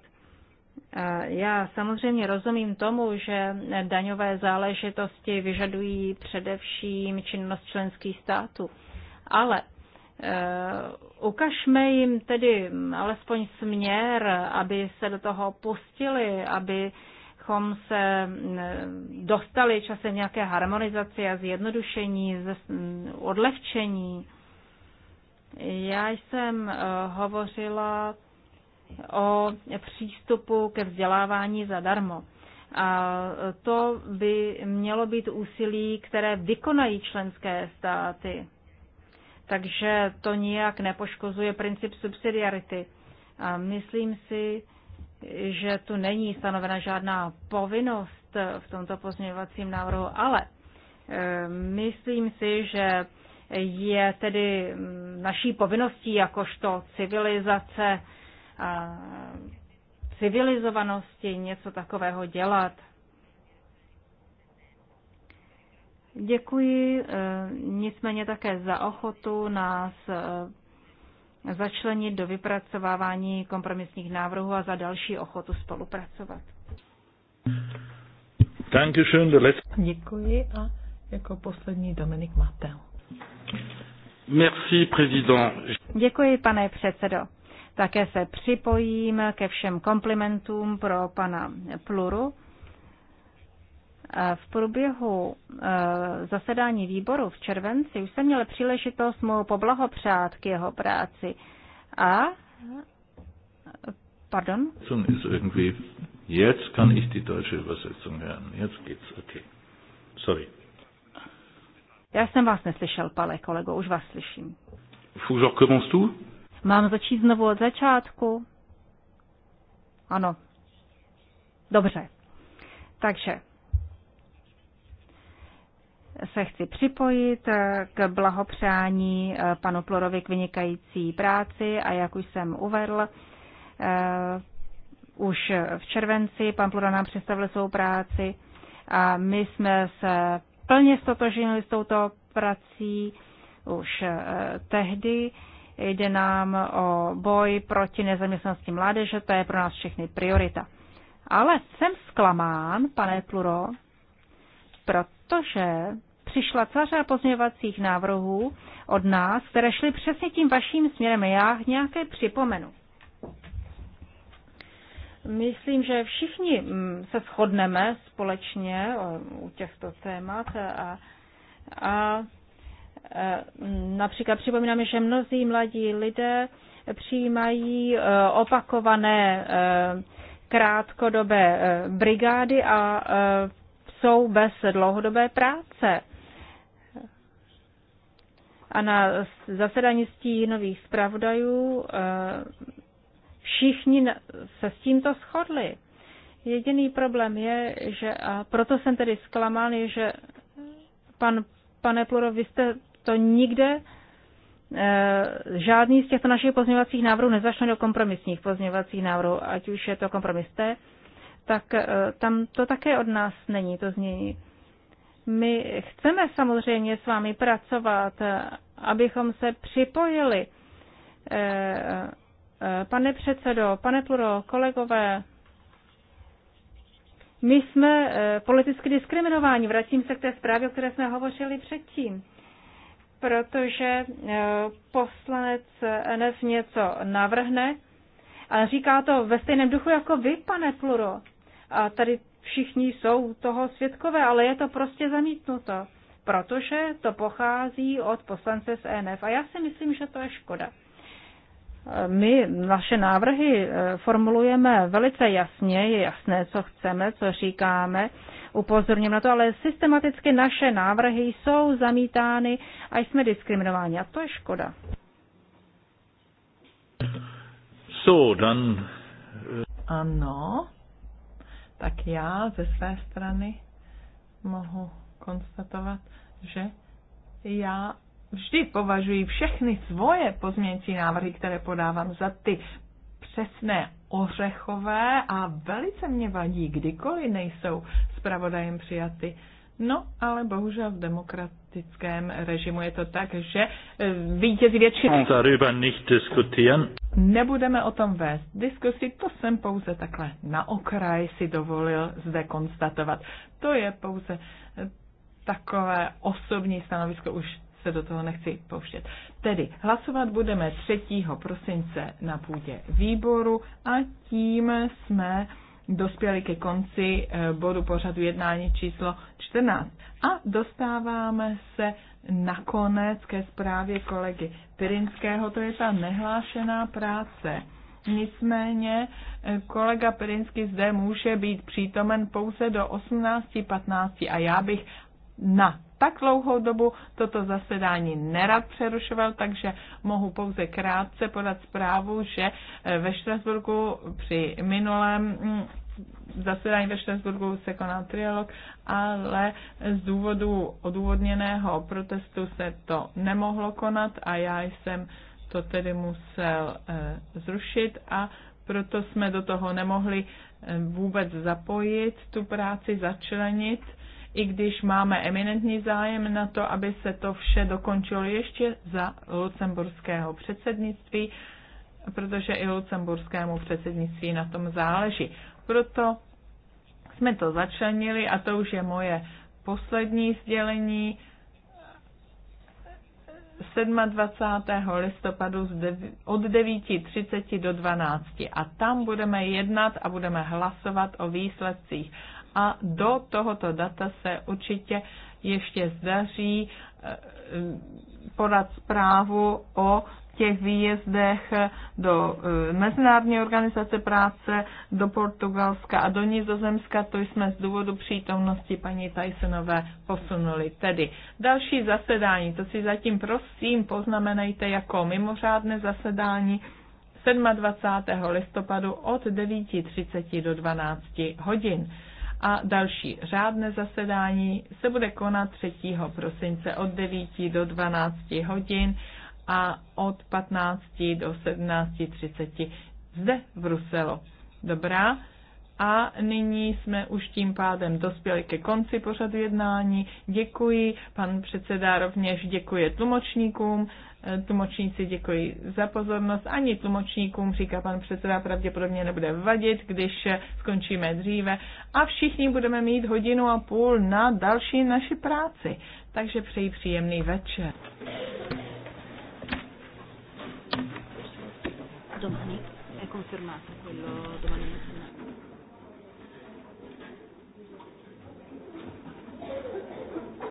Speaker 4: Já samozřejmě rozumím tomu, že daňové záležitosti vyžadují především činnost členských států, ale Eh, ukažme jim tedy alespoň směr, aby se do toho pustili, abychom se eh, dostali časem nějaké harmonizace, a zjednodušení, mm, odlehčení. Já jsem eh, hovořila o přístupu ke vzdělávání zadarmo. A to by mělo být úsilí, které vykonají členské státy takže to nijak nepoškozuje princip subsidiarity. A myslím si, že tu není stanovena žádná povinnost v tomto pozměňovacím návrhu, ale eh, myslím si, že je tedy mm, naší povinností jakožto civilizace a civilizovanosti něco takového dělat. Děkuji eh, nicméně také za ochotu nás eh, začlenit do vypracovávání kompromisních návrhů a za další ochotu spolupracovat. Děkuji a jako poslední Dominik Matel.
Speaker 1: Merci, président.
Speaker 4: Děkuji, pane předsedo. Také se připojím ke všem komplimentům pro pana Pluru. V průběhu eh, zasedání výboru v červenci už jsem měl příležitost mu poblahopřát k jeho práci. A Pardon?
Speaker 1: Ist irgendwie, jetzt kann ich die deutsche Übersetzung hören. Jetzt geht's, okay. Sorry.
Speaker 4: Já jsem vás neslyšel, pane kolego, už vás slyším.
Speaker 1: Fuzor, commence tu?
Speaker 4: Mám začít znovu od začátku? Ano. Dobře. Takže se chci připojit eh, k blahopřání eh, panu Plorovi k vynikající práci a jak už jsem uvedl, eh, už v červenci pan Plora nám představil svou práci a my jsme se plně stotožnili s touto prací už tehdy. Jde nám o boj proti nezaměstnanosti mládeže, to je pro nás všechny priorita. Ale jsem zklamán, pane Pluro, protože přišla celá pozměňovacích návrhů od nás, které šly přesně tím vaším směrem. Já nějaké připomenu. Myslím, že všichni mm, se shodneme společně u těchto témat a, a e, například připomínáme, že mnozí mladí lidé přijímají e, opakované e, krátkodobé brigády a jsou bez dlouhodobé práce a na zasedání stínových zpravodajů eh, všichni se s tímto shodli. Jediný problém je, že a proto jsem tedy zklamán, je, že pan, pane Pluro, vy jste to nikde eh, žádný z těchto našich pozměňovacích návrhů nezašel do kompromisních pozměňovacích návrhů, ať už je to kompromis tak eh, tam to také od nás není, to znění. My chceme samozřejmě s vámi pracovat, abychom se připojili. Eh, eh, pane předsedo, pane Pluro, kolegové, my jsme eh, politicky diskriminováni. Vracím se k té zprávě, o které jsme hovořili předtím. Protože poslanec NF něco navrhne, a říká to ve stejném duchu jako vy, pane Pluro. A tady všichni jsou toho svědkové, ale je to prostě zamítnuto, protože to pochází od poslance z ENF. A já si myslím, že to je škoda. My naše návrhy e, formulujeme velice jasně, je jasné, co chceme, co říkáme, upozorním na to, ale systematicky naše návrhy jsou zamítány a jsme diskriminováni a to je škoda.
Speaker 1: So, dann...
Speaker 3: Ano, tak já ze své strany mohu konstatovat, že já vždy považuji všechny svoje pozměňující návrhy, které podávám za ty přesné ořechové a velice mě vadí, kdykoliv nejsou zpravodajem přijaty. No, ale bohužel v demokratickém režimu je to tak, že eh, vítězí většinou.
Speaker 1: Darüber nicht diskutieren.
Speaker 3: Nebudeme o tom vést diskusi, to jsem pouze takhle na okraj si dovolil zde konstatovat. To je pouze eh, takové osobní stanovisko, už se do toho nechci pouštět. Tedy hlasovat budeme 3. prosince na půdě výboru a tím jsme dospěli ke konci eh, bodu pořadu jednání číslo 14. A dostáváme se nakonec ke zprávě kolegy Pirinského, to je ta nehlášená práce. Nicméně eh, kolega Pirinský zde může být přítomen pouze do 18.15 a já bych na tak dlouhou dobu toto zasedání nerad přerušoval, takže mohu pouze krátce podat zprávu, že eh, ve Štrasburku při minulém mm, zasedání ve Štrasburgu se konal trialog, ale z důvodu odůvodněného protestu se to nemohlo konat a já jsem to tedy musel eh, zrušit a proto jsme do toho nemohli eh, vůbec zapojit tu práci, začlenit, i když máme eminentní zájem na to, aby se to vše dokončilo ještě za lucemburského předsednictví, protože i lucemburskému předsednictví na tom záleží. Proto jsme to začlenili a to už je moje poslední sdělení. 27. listopadu od 9.30 do 12. A tam budeme jednat a budeme hlasovat o výsledcích. A do tohoto data se určitě ještě zdaří eh, podat zprávu o těch výjezdech do e, Mezinárodní organizace práce, do Portugalska a do Nizozemska, to jsme z důvodu přítomnosti paní Tysonové posunuli. Tedy další zasedání, to si zatím prosím poznamenejte jako mimořádné zasedání 27. listopadu od 9.30 do 12 hodin a další řádné zasedání se bude konat 3. prosince od 9 do 12 hodin a od 15 do 17.30 zde v Ruselo. Dobrá. A nyní jsme už tím pádem dospěli ke konci pořadu jednání. Děkuji, pan předseda rovněž děkuje tlumočníkům. Tlumočníci děkuji za pozornost. Ani tlumočníkům, říká pan předseda, pravděpodobně nebude vadit, když skončíme dříve. A všichni budeme mít hodinu a půl na další naši práci. Takže přeji příjemný večer.
Speaker 4: Domani è confermato quello domani mattina.